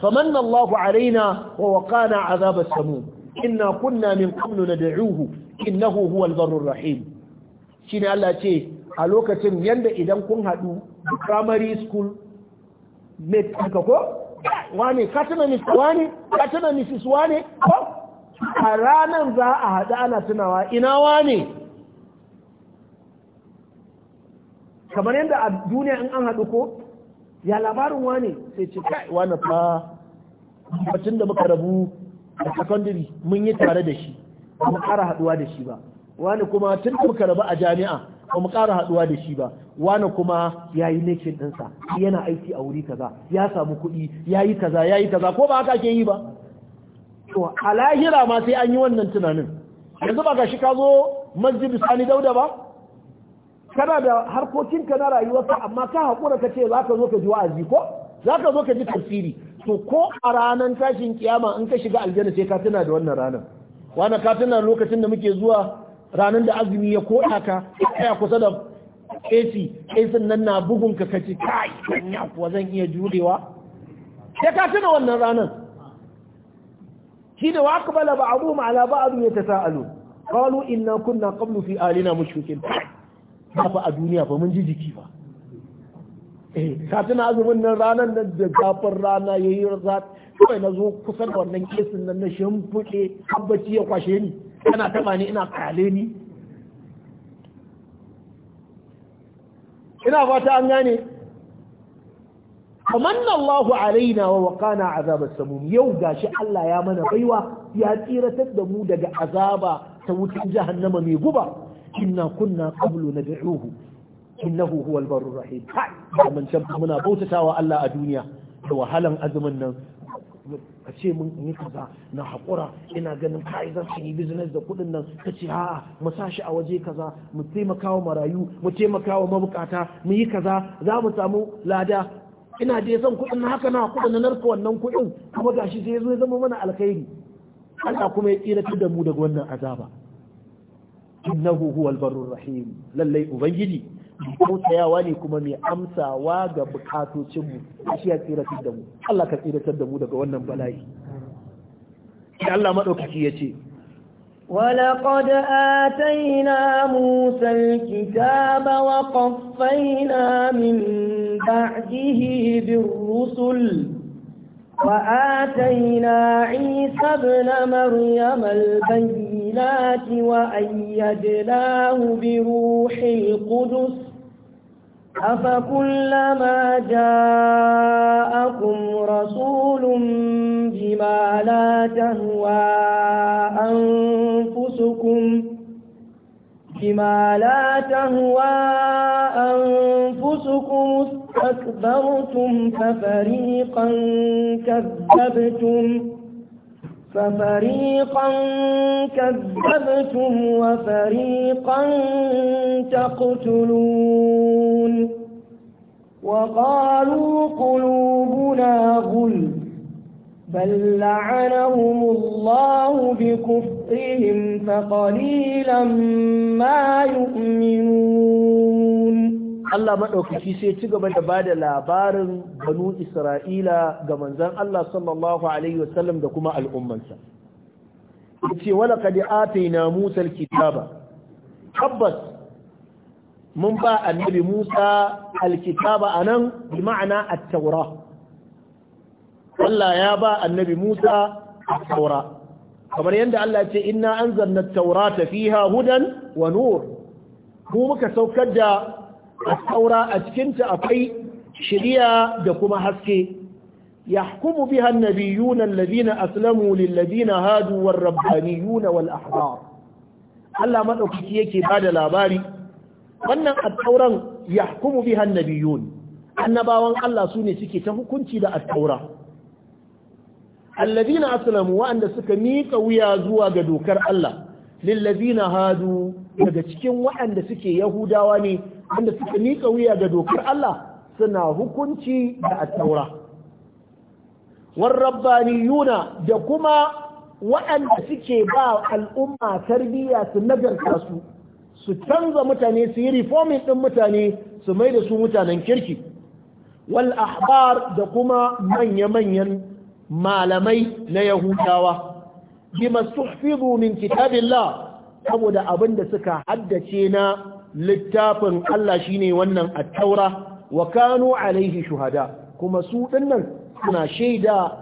famanna Allahu alaina wa waqana 'adhab as-samum inna kunna min qablu nad'uuhu innahu huwal barrur rahim shine Allah ce a lokacin yanda idan kun hadu primary school mate haka ko wane katina tuna wani wane wani a ranar za a haɗu ana tunawa ina wane kamar yadda a duniya in an haɗu ko ya labarin wane sai ce kai wani fa batun da muka rabu a secondary mun yi tare da shi ba mu ƙara haɗuwa da shi ba wani kuma tun da muka rabu a jami'a ba mu ƙara haɗuwa da shi ba wani kuma ya yi nekin ɗinsa yana aiki a wuri kaza ya samu kuɗi ya yi kaza ya yi kaza ko ba haka ke yi ba a lahira ma sai an yi wannan tunanin yanzu ba gashi ka zo masjid sani dauda ba kana da harkokinka na rayuwarka amma ka haƙura ka ce za ka zo ka ji wa'azi ko za ka zo ka ji tafsiri to ko a ranar tashin kiyama in ka shiga aljanna sai ka tuna da wannan ranar wani ka tuna lokacin da muke zuwa ranar da azumi ya koɗa ka ya kusa da AC AC nan na bugun ka kaci kai ya kuwa zan iya jurewa sai ka tuna wannan ranar shi da wa akbala ba'dhum ala ba'd yatasaalu qalu inna kunna qablu fi alina mushrikin ba fa a duniya fa mun ji jiki ba eh ka tuna azumin nan ranar nan da gafar rana yayi rat kawai na zo kusan wannan kesin nan na shimfiɗe habbaci ya kwashe ni kana taba ni ina kale ni ina fata an gane amanna Allahu alaina wa waqana azab as-samum yau gashi Allah ya mana baiwa ya tsiratar da mu daga azaba ta wutar jahannama mai guba inna kunna qablu nad'uhu innahu huwal barur rahim ha mun can muna bautatawa Allah a duniya da wahalan azumin nan ce mun yi kaza na haƙura ina ganin kai zan yi business da kuɗin nan ka ce a'a mu sa shi a waje kaza mu taimaka wa marayu mu taimaka wa mabukata mu yi kaza za mu samu lada ina dai son kuɗin na haka na kuɗin na narka wannan kuɗin kuma gashi sai zo ya zama mana alkhairi Allah kuma ya tsira da mu daga wannan azaba innahu huwal barur rahim lallai ubangiji mai kautayawa ne kuma mai amsawa ga bukatocinmu shi ya tsiratar da mu Allah ka tsiratar da mu daga wannan bala'i sai Allah madaukaki ya ce ولقد آتينا موسى الكتاب وقفينا من بعده بالرسل وآتينا عيسى ابن مريم البيت الطيبات وأيدناه بروح القدس أفكلما جاءكم رسول بما لا تهوى أنفسكم بما لا تهوى أنفسكم استكبرتم ففريقا كذبتم ففريقا كذبتم وفريقا تقتلون وقالوا قلوبنا غل بل لعنهم الله بكفرهم فقليلا ما يؤمنون Allah maɗaukaki sai ci gaba da ba da labarin banu Isra'ila ga manzan Allah sallallahu Alaihi wasallam da kuma al'ummansa. ce wala kadi na Musa alkitaba tabbas mun ba annabi Musa alkitaba anan bi ma'ana a taura Allah ya ba annabi Musa a taura kamar yadda Allah ce inna anzalna taura taurata fiha hudan wa nur mu muka saukar da saura a cikinta akwai shiriya da kuma haske yahkumu biha hannabi nabiyuna alladhina aslamu lilladhina hadu war-rabbaniyuna wal Allah maɗaukaki yake bada labari wannan at-tauran yahkumu biha an-nabiyun annabawan Allah sune suke ta hukunci da at allabina alladhina aslamu wa'anda suka miƙa wuya zuwa ga dokar Allah lilladhina hadu daga cikin wa'anda suke yahudawa ne wanda suka miƙa wuya ga dokar Allah suna hukunci da attaura warrabbaniyuna da kuma waɗanda suke ba al'umma tarbiyya su nagarta su su canza mutane su yi reforming ɗin mutane su mai da su mutanen kirki wal ahbar da kuma manya-manyan malamai na yahudawa bima suhfizu min kitabillah saboda abin da suka haddace na littafin Allah shine wannan at-taura wa kanu alaihi shuhada kuma su dinnan suna shaida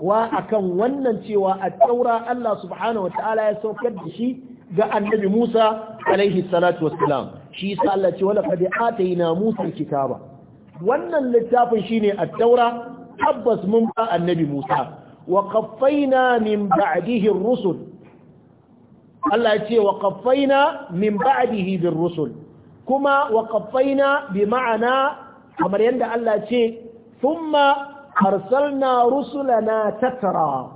wa akan wannan cewa at-taura Allah subhanahu wataala ya saukar da shi ga annabi Musa alaihi salatu wassalam shi sa Allah ce wala qad atayna Musa kitaba wannan littafin shine at-taura tabbas mun ba annabi Musa wa qaffayna min ba'dihi ar-rusul Allah ya ce wa kafaina min ba'dihi bir rusul kuma wa kafaina bi ma'ana kamar yadda Allah ya ce thumma arsalna rusulana tatra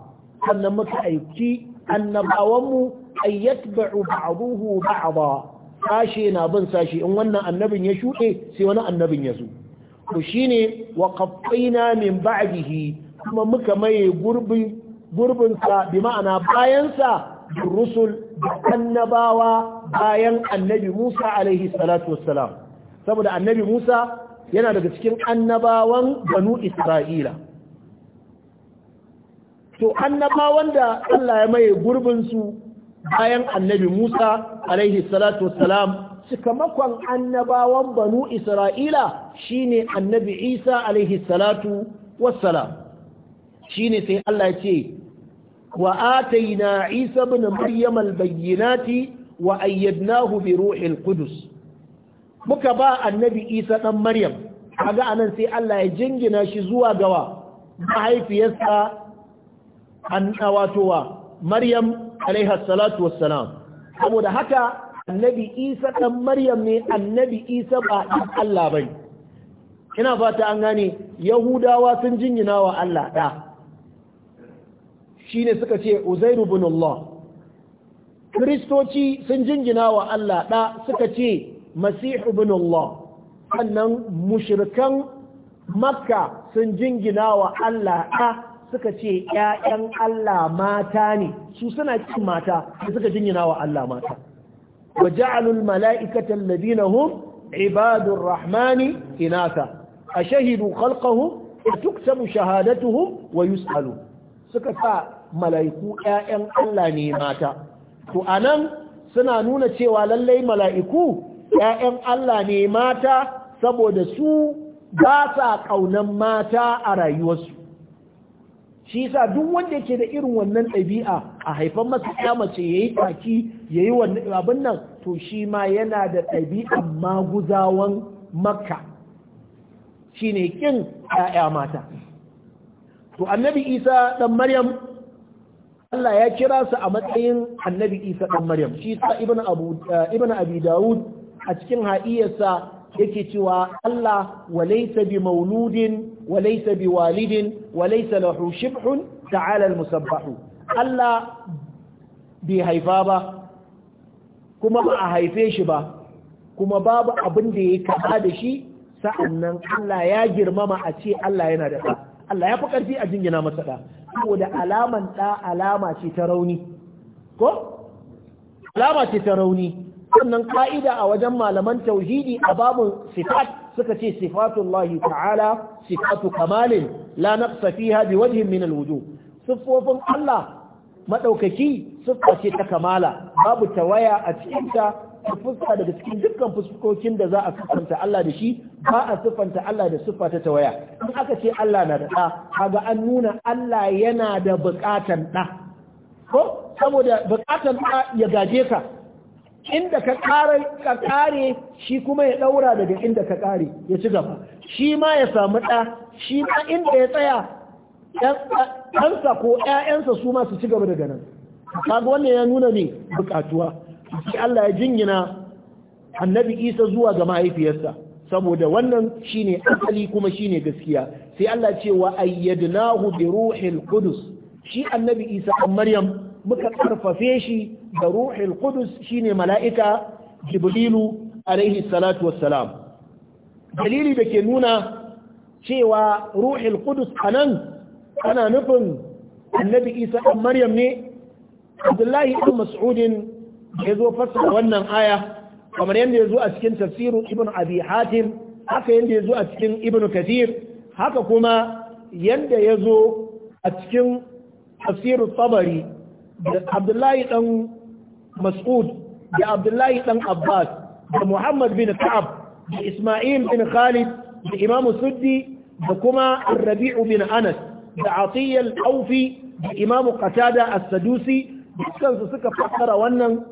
sannan muka aiki annabawanmu ay yatba'u ba'dahu ba'da sashi na bin sashi in wannan annabin ya shuɗe sai wani annabin ya zo to shine wa kafaina min ba'dihi kuma muka maye gurbin gurbinsa bi ma'ana bayansa rusul annabawa bayan annabi Musa alaihi salatu wassalam saboda annabi Musa yana daga cikin annabawan banu Isra'ila to annabawan da Allah ya maye gurbin su bayan annabi Musa alaihi salatu wassalam cikamakon annabawan banu Isra'ila shine annabi Isa alaihi salatu wassalam shine sai Allah ya ce وآتينا عيسى بن wa البينات وأيدناه El Kudus. muka ba annabi isa ɗan maryam kaga anan sai Allah ya jingina shi zuwa gawa mahaifiyarsa an wa maryam alaiha salatu wassalam saboda haka annabi isa ɗan maryam ne annabi isa ba ɗan Allah bane. ina fata an gane yahudawa sun jingina wa Allah ɗa shine suka ce uzairu bin Allah kristoci sun jingina wa Allah da suka ce masihu bin Allah sannan mushirikan makka sun jingina wa Allah da suka ce ‘ya'yan Allah mata ne, su suna cin mata da suka jingina wa Allah mata. Wa ja'alul mala'ikatan labina hun, ibadun rahmani inata, a shahidu kalkahu, a tuktabu shahadatuhu wa yus'alu. Suka sa mala'iku ƴaƴan Allah ne mata to anan suna nuna cewa lallai mala'iku ƴaƴan Allah ne mata saboda su ba sa kaunan mata a rayuwarsu shi yasa duk wanda yake da irin wannan ɗabi'a a haifan masa ya mace yayi kaki yayi wannan abin nan to shi ma yana da ɗabi'an maguzawan makka shine kin ƴaƴa mata to annabi isa dan maryam Allah ya kira su a matsayin annabi Isa ɗan Maryam shi ta eh, ibn Abi Dawud a cikin ha'iyarsa yake cewa Allah walaysa bi mauludin walaysa bi walidin walaysa lahu shibhun ta'ala al-musabbahu Allah bai haifa ba kuma ba a haife shi ba kuma babu abin da ya kama da shi sa'annan Allah ya girmama a ce Allah yana da Allah ya fi ƙarfi a jingina masa da saboda alaman ɗa alama ce ta rauni ko alama ce ta rauni sannan ka'ida a wajen malaman tauhidi a babun sifat suka ce sifatullahi ta'ala sifatu kamalin la naqsa fiha biwajhin min alwujuh siffofin Allah madaukaki siffa ce ta kamala babu tawaya a cikin ta. Ka fuska daga cikin dukkan fuskokin da za a siffanta Allah da shi ba a siffanta Allah da siffa ta tawaya in aka ce Allah na da ɗa kaga an nuna Allah yana da buƙatan ɗa ko saboda bukatan ɗa ya gaje ka inda ka ƙare ka ƙare shi kuma ya ɗaura daga inda ka ƙare ya ci gaba shi ma ya samu ɗa shi ma inda ya tsaya ɗansa ko ‘ya'yansa su ma su ci gaba daga nan kaga wannan ya nuna ne buƙatuwa sai Allah ya jingina annabi Isa zuwa ga mahaifiyarsa saboda wannan shine asali kuma shine gaskiya sai Allah ce wa ayyadnahu bi ruhil qudus shi annabi Isa an Maryam muka karfafe shi da ruhil qudus shine mala'ika Jibrilu alaihi salatu wassalam dalili da ke nuna cewa ruhil qudus anan ana nufin annabi Isa an Maryam ne Abdullahi ibn Mas'udin ya zo fassara wannan aya kamar yadda ya zo a cikin tafsirin ibn abi hatim haka yadda ya zo a cikin ibn kathir haka kuma yadda ya zo a cikin tafsirin tabari da abdullahi dan mas'ud da abdullahi dan abbas da muhammad bin ka'ab da isma'il bin khalid da imam suddi da kuma rabi'u bin anas da atiyyal aufi da imam qatada as-sadusi dukkan su suka fassara wannan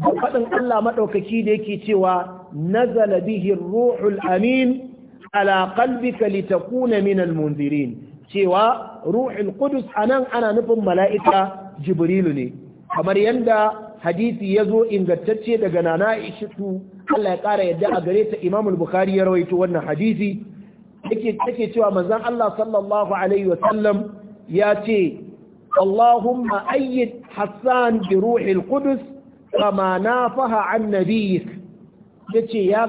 faɗin Allah maɗaukaki da yake cewa nazala bihi ruhul amin ala qalbika litakuna min almunzirin cewa ruhul qudus anan ana nufin mala'ika jibrilu ne kamar yanda hadisi ya zo ingantacce daga nana ishtu Allah ya ƙara yadda a gare ta Imam al-Bukhari ya rawaito wannan hadisi yake take cewa manzon Allah sallallahu alaihi wa sallam ya ce Allahumma ayyid Hassan bi ruhil qudus kama na faha an nabiyik ya ce ya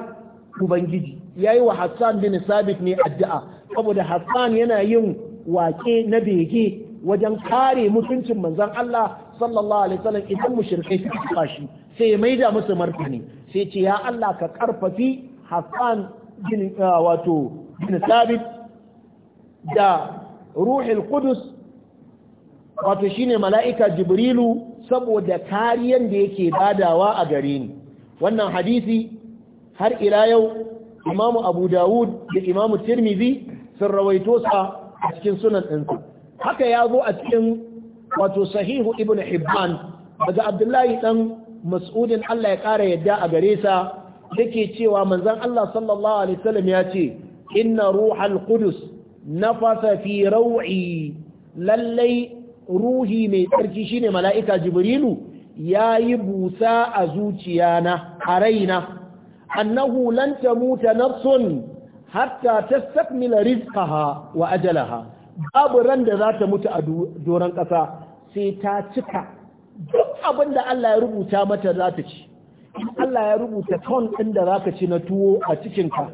ubangiji ya yi wa hassan bin sabit ne addu'a saboda hassan yana yin wake na bege wajen kare mutuncin manzon Allah sallallahu alaihi wasallam idan mushrikai suka kashi sai mai da musu martani sai ce ya Allah ka karfafi Hassan bin wato bin Sabit da Ruhul Qudus wato shine mala'ika Jibrilu saboda kariyan da yake badawa a gare ni wannan hadisi har ila yau imamu abu dawud da imamu tirmizi sun rawaito sa a cikin sunan ɗinsa haka ya zo a cikin wato sahihu ibn hibban daga abdullahi dan mas'udin allah ya ƙara yadda a gare sa yake cewa manzon allah sallallahu alaihi wasallam ya ce inna ruhal qudus nafasa fi raw'i lallai ruhi mai tsarki shine mala'ika jibrilu ya yi busa a zuciyana a raina annahu lan tamuta nafsun hatta tastakmila rizqaha wa ajalaha babu ran da za ta mutu a doron ƙasa sai ta cika duk abin da Allah ya rubuta mata za ta ci Allah ya rubuta ton ɗin da za ka ci na tuwo a cikinka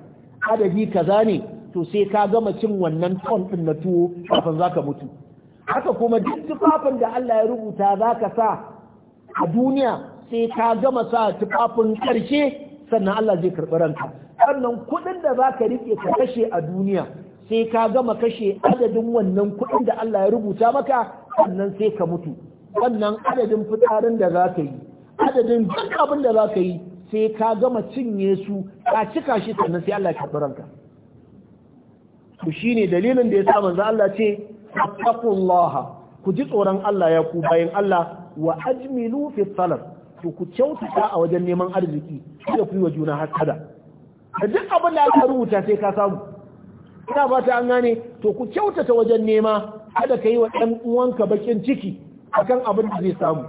adadi kaza ne to sai ka gama cin wannan ton ɗin na tuwo kafin za ka mutu haka kuma duk tufafin da Allah ya rubuta za ka sa a duniya sai ka gama sa tufafin ƙarshe sannan Allah zai karɓi ranka sannan kuɗin da za ka riƙe ka kashe a duniya sai ka gama kashe adadin wannan kuɗin da Allah ya rubuta maka sannan sai ka mutu wannan adadin fitarin da za ka yi adadin duk abin da za ka yi sai ka gama cinye su ka cika shi sannan sai Allah ya karɓi ranka to shine dalilin da ya sa manzo Allah ce taqullaha ku ji tsoron Allah ya ku bayan Allah wa ajmilu fi talab to ku kyautata a wajen neman arziki kada ku yi wa juna kada, da duk abin da aka rubuta sai ka samu ina ba ta an gane to ku kyautata wajen nema kada ka yi wa ɗan uwanka bakin ciki akan abin da zai samu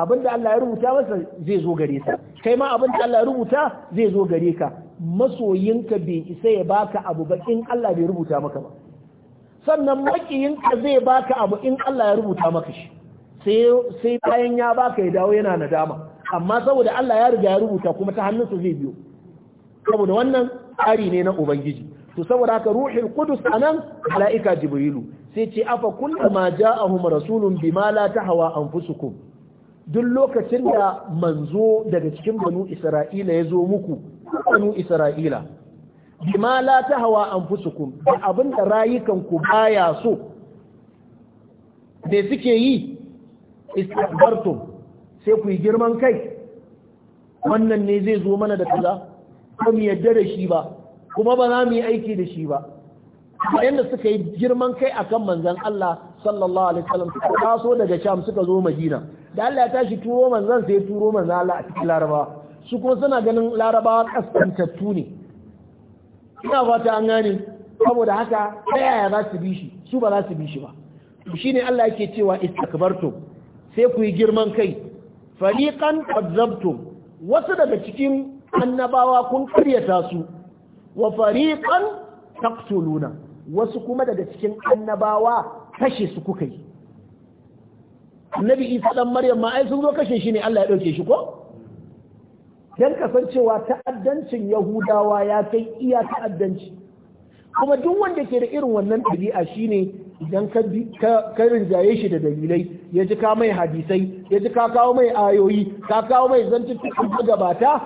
abin da Allah ya rubuta masa zai zo gare ka kai ma abin da Allah ya rubuta zai zo gare ka masoyinka bai isa ya baka abu ba in Allah bai rubuta maka ba sannan makiyinka zai baka abu in Allah ya rubuta maka shi sai bayan ya baka ya dawo yana nadama amma saboda Allah ya riga ya rubuta kuma ta hannunsa zai biyo saboda wannan tsari ne na ubangiji to saboda haka ruhul qudus anan malaika jibrilu sai ce afa ma ja'ahum rasulun bima la tahwa anfusukum duk lokacin da manzo daga cikin banu isra'ila ya zo muku banu isra'ila bima la tahwa anfusukum da abin da rayukan ku baya so da suke yi istakbartum sai ku yi girman kai wannan ne zai zo mana da kaza ba mu yadda da shi ba kuma ba za mu yi aiki da shi ba da suka yi girman kai akan manzon Allah sallallahu alaihi wasallam suka taso daga Sham suka zo Madina da Allah ya tashi turo manzon sai turo manzon Allah a cikin Laraba su kuma suna ganin Larabawa kaskantattu ne ina fata an gane saboda haka ta yaya za su bi shi su ba za su bi shi ba shi ne Allah yake cewa Istakbarto sai ku yi girman kai fariqan kadzabtu wasu daga cikin annabawa kun karyata su wa fariqan taqtuluna wasu kuma daga cikin annabawa kashe su kuka yi annabi isa dan maryam ma ai sun zo kashe shi ne Allah ya dauke shi ko don kasancewa ta'addancin yahudawa ya kai iya ta'addanci kuma duk wanda ke da irin wannan ɗabi'a shine idan ka rinjaye shi da dalilai ya ji ka mai hadisai ya ji ka kawo mai ayoyi ka kawo mai cikin gabata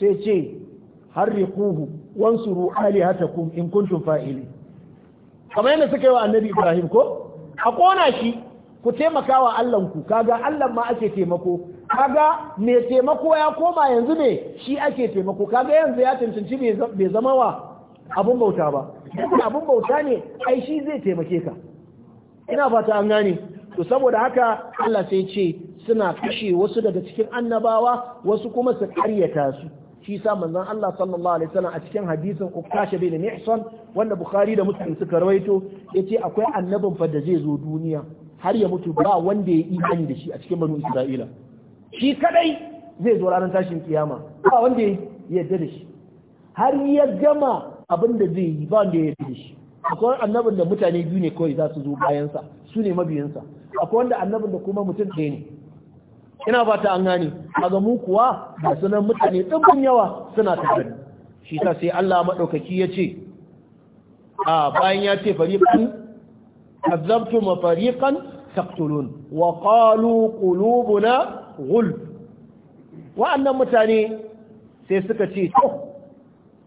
sai ce harriquhu wansuru alihatakum in kuntum fa'ili kamar yadda suka yi wa annabi Ibrahim ko a kona shi ku taimaka wa ku kaga Allah ma ake taimako kaga mai taimako ya koma yanzu ne shi ake taimako kaga yanzu ya cancanci bai zama wa abun bauta ba abun bauta ne ai shi zai taimake ka ina ta an gane to saboda haka Allah sai ce suna kashe wasu daga cikin annabawa wasu kuma su karyata su shi sa manzon Allah sallallahu alaihi wasallam a cikin hadisin Ukasha bin Mihsan wanda Bukhari da Muslim suka rawaito yace akwai annabin fa da zai zo duniya har ya mutu ba wanda ya yi imani da shi a cikin banu Isra'ila shi kadai zai zo ranar tashin kiyama ba wanda ya yarda da shi har ya gama abin da zai yi ba wanda ya yarda da shi akwai annabin da mutane biyu ne kawai za su zo bayansa su ne mabiyansa akwai wanda annabin da kuma mutum ɗaya ne ina ba ta an gane kaga mu kuwa da sunan mutane ɗimbin yawa suna tare shi ta sai Allah maɗaukaki ya ce a bayan ya ce fariqan kazzabtum fariqan taktulun wa qalu qulubuna gulf wa'annan mutane sai suka ce to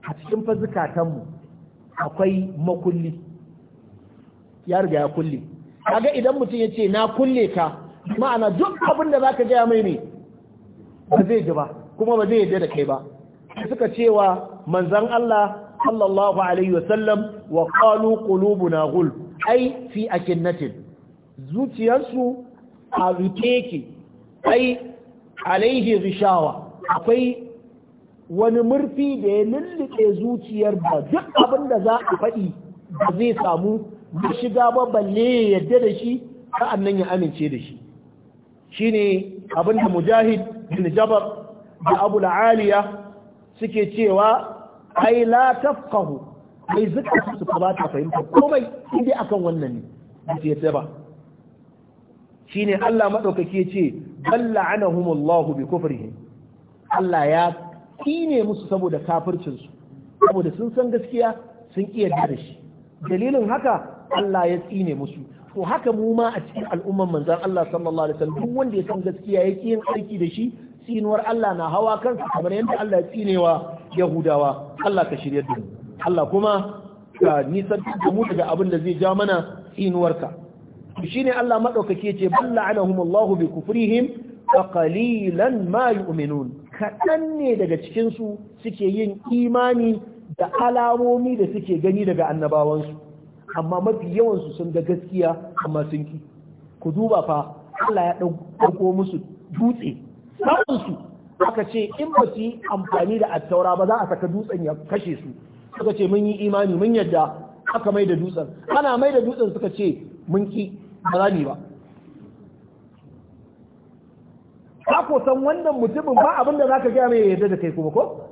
a cikin fa mu akwai makulli ya riga ya kulle kaga idan mutum ya ce na kulle ka ma'ana duk abin da zaka gaya mai ne ba zai ji ba kuma ba zai yarda da kai ba suka cewa manzon Allah sallallahu alaihi wasallam wa qalu qulubuna ghul ai fi akinnatin zuciyarsu a rufe yake ai alaihi rishawa akwai wani murfi da ya lullube zuciyar ba duk abin da za a faɗi da zai samu ba shiga ba balle ya yarda da shi sa'an nan ya amince da shi Shi ne abin da mujahid bin jabar da abu la'aliya suke cewa ai la tafkahu mai zuka su ba ta fahimta komai inda akan wannan ne ba su yadda ba shine Allah madaukake ce balla anahumullahu bi kufrihim Allah ya kine musu saboda kafircin su saboda sun san gaskiya sun iya da shi dalilin haka Allah ya tsine musu to haka mu ma a cikin al'umman manzan Allah sallallahu alaihi wasallam duk wanda ya san gaskiya ya yin aiki da shi tsinuwar Allah na hawa kansa kamar yadda Allah ya tsinewa Yahudawa Allah ka shirya da mu Allah kuma ka nisan da mu daga abin da zai ja mana tsinuwarka shine Allah madaukake ce balla anahumullahu bi kufrihim fa qalilan ma yu'minun kadan ne daga cikin su suke yin imani da alamomi da suke gani daga annabawansu amma mafi yawan su sun ga gaskiya amma sun ki ku duba fa Allah ya dauko musu dutse su aka ce in ba su yi amfani da attaura ba za a saka dutsen ya kashe su suka ce mun yi imani mun yadda aka mai da dutsen ana mai da dutsen suka ce mun ki ba ba ka san wannan mutumin ba abinda da zaka ga mai yadda da kai kuma ko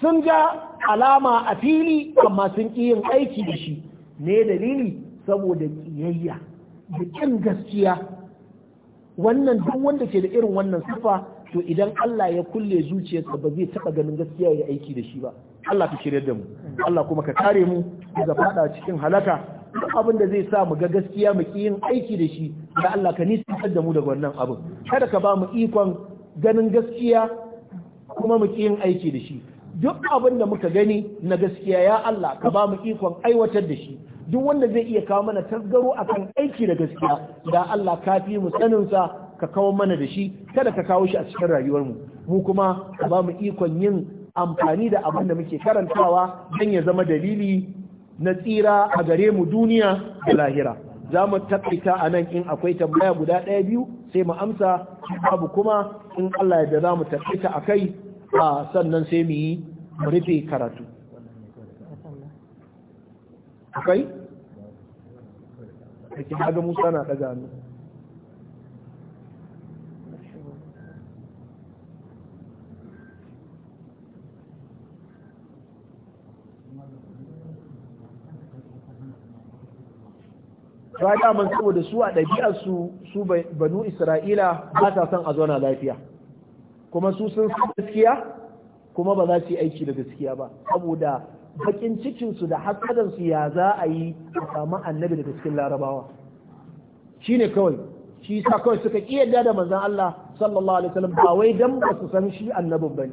sun ga alama a fili amma sun ki yin aiki da shi ne dalili saboda kiyayya da kin gaskiya wannan duk wanda ke da irin wannan sifa to idan Allah ya kulle zuciyarsa ba zai taɓa ganin gaskiya ya aiki da shi ba Allah ka shirya da mu Allah kuma ka kare mu daga faɗa cikin halaka duk abin da zai sa mu ga gaskiya mu ki yin aiki da shi da Allah ka nisa da mu daga wannan abin kada ka ba mu ikon ganin gaskiya kuma mu ki yin aiki da shi duk abin da muka gani na gaskiya ya Allah ka ba mu ikon aiwatar da shi duk wanda zai iya kawo mana tasgaro akan aiki da gaskiya da Allah ka fi mu sanin sa ka kawo mana da shi kada ka kawo shi a cikin rayuwar mu mu kuma ka ba mu ikon yin amfani da abin da muke karantawa don ya zama dalili na tsira a gare mu duniya da lahira za mu taƙaita a nan in akwai tambaya guda ɗaya biyu sai mu amsa babu kuma in Allah ya da za mu taƙaita a kai a sannan sai mu yi rufe karatu akai? Ake haga Musa na ɗaga hannu. ba daman saboda su a ɗabi'ar su su banu isra'ila ba ta son a zauna lafiya kuma su sun san gaskiya kuma ba za su yi aiki da gaskiya ba saboda bakin su da su ya za a yi a samu annabi da cikin larabawa shi ne kawai shi sa kawai suka ƙi yadda da manzan Allah sallallahu alaihi wasallam ba wai dan ba su san shi annabin bane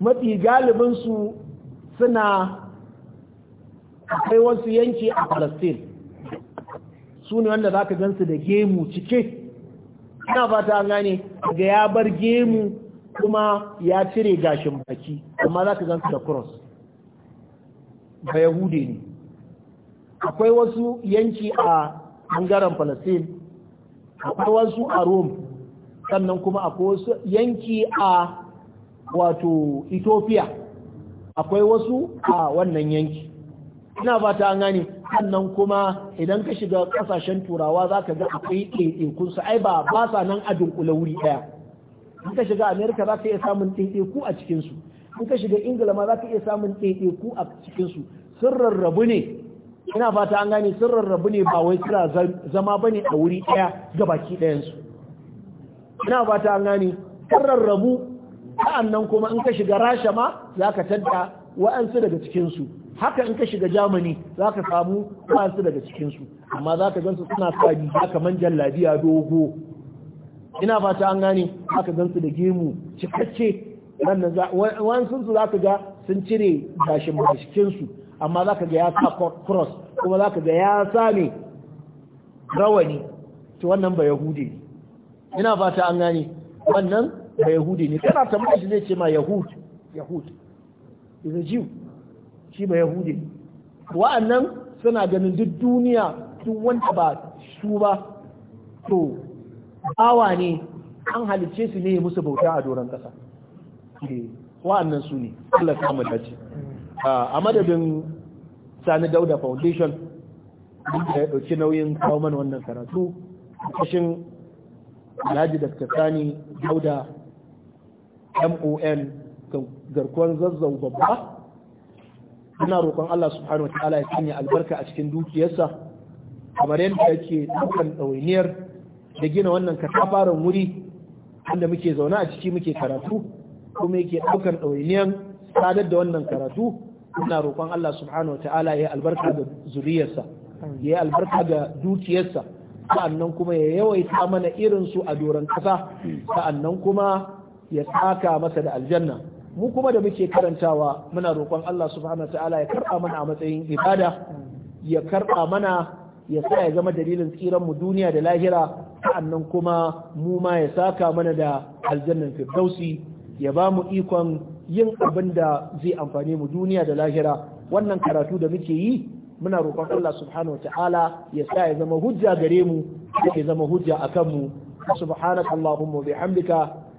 mafi su suna akwai wasu yanki a palestine su ne wanda za ka gansu da gemu cike ina fata gane daga ya bar gemu kuma ya cire gashin baki amma za ka gansu da cross ba yahude ne akwai wasu yanki a bangaren palestine akwai wasu a rome sannan kuma akwai wasu yanki a wato Ethiopia akwai wasu a wannan yanki ina fata an gane sannan kuma idan ka shiga kasashen turawa za ka ga akwai ɗaiɗaikun su ai ba ba sa nan a dunkule wuri ɗaya in ka shiga Amerika za ka iya samun ɗaiɗaiku a cikinsu in ka shiga ingila ma za ka iya samun ɗaiɗaiku a cikinsu sun rarrabu ne ina fata an gane sun rarrabu ne ba wai suna zama ba ne a wuri ɗaya ga baki su ina fata an gane sun rarrabu nan kuma in ka shiga rasha ma za ka tadda wa'ansu daga cikinsu haka in ka shiga jamani za ka samu wa'ansu daga cikinsu amma za ka gansu suna sa riga kamar jallabiya dogo ina fata an gane za ka gansu da gemu cikakke wannan wa'ansu su za ka ga sun cire gashin cikinsu amma za ka ga ya sa cross kuma za ka ga ya sa ne rawani to wannan ba yahudi ina fata an gane wannan da yahudi ne kana tambaya shi zai ce ma yahud yahud is a shi ba yahudi ne wa'annan suna ganin duk duniya duk wanda ba su ba to awa ne an halicce su ne musu bauta a doron kasa eh, wa'annan su ne Allah ta ce a madadin Sani Dauda Foundation da ya ɗauki nauyin kawo mana wannan karatu kashin Alhaji Dr. Sani Dauda MON garkuwar zazzau babba ina roƙon Allah subhanahu wataala ya sanya albarka a cikin dukiyarsa kamar yadda yake dukkan ɗawainiyar da gina wannan katafaren wuri wanda muke zaune a ciki muke karatu kuma yake ɗaukan ɗawainiyar sadar da wannan karatu ina roƙon Allah subhanahu wataala ya albarka ga zuriyarsa ya albarka ga dukiyarsa sa'annan kuma ya yawaita mana irin su a doron ƙasa sa'annan kuma ya saka masa da aljanna mu kuma da muke karantawa muna roƙon Allah subhanahu ta'ala ya karɓa mana a matsayin ibada ya karɓa mana ya sa ya zama dalilin tsiran mu duniya da lahira sa'annan kuma mu ma ya saka mana da aljannan firdausi ya ba mu ikon yin abin da zai amfane mu duniya da lahira wannan karatu da muke yi muna roƙon Allah subhanahu ta'ala ya sa ya zama hujja gare mu ya zama hujja akan mu subhanakallahumma wa bihamdika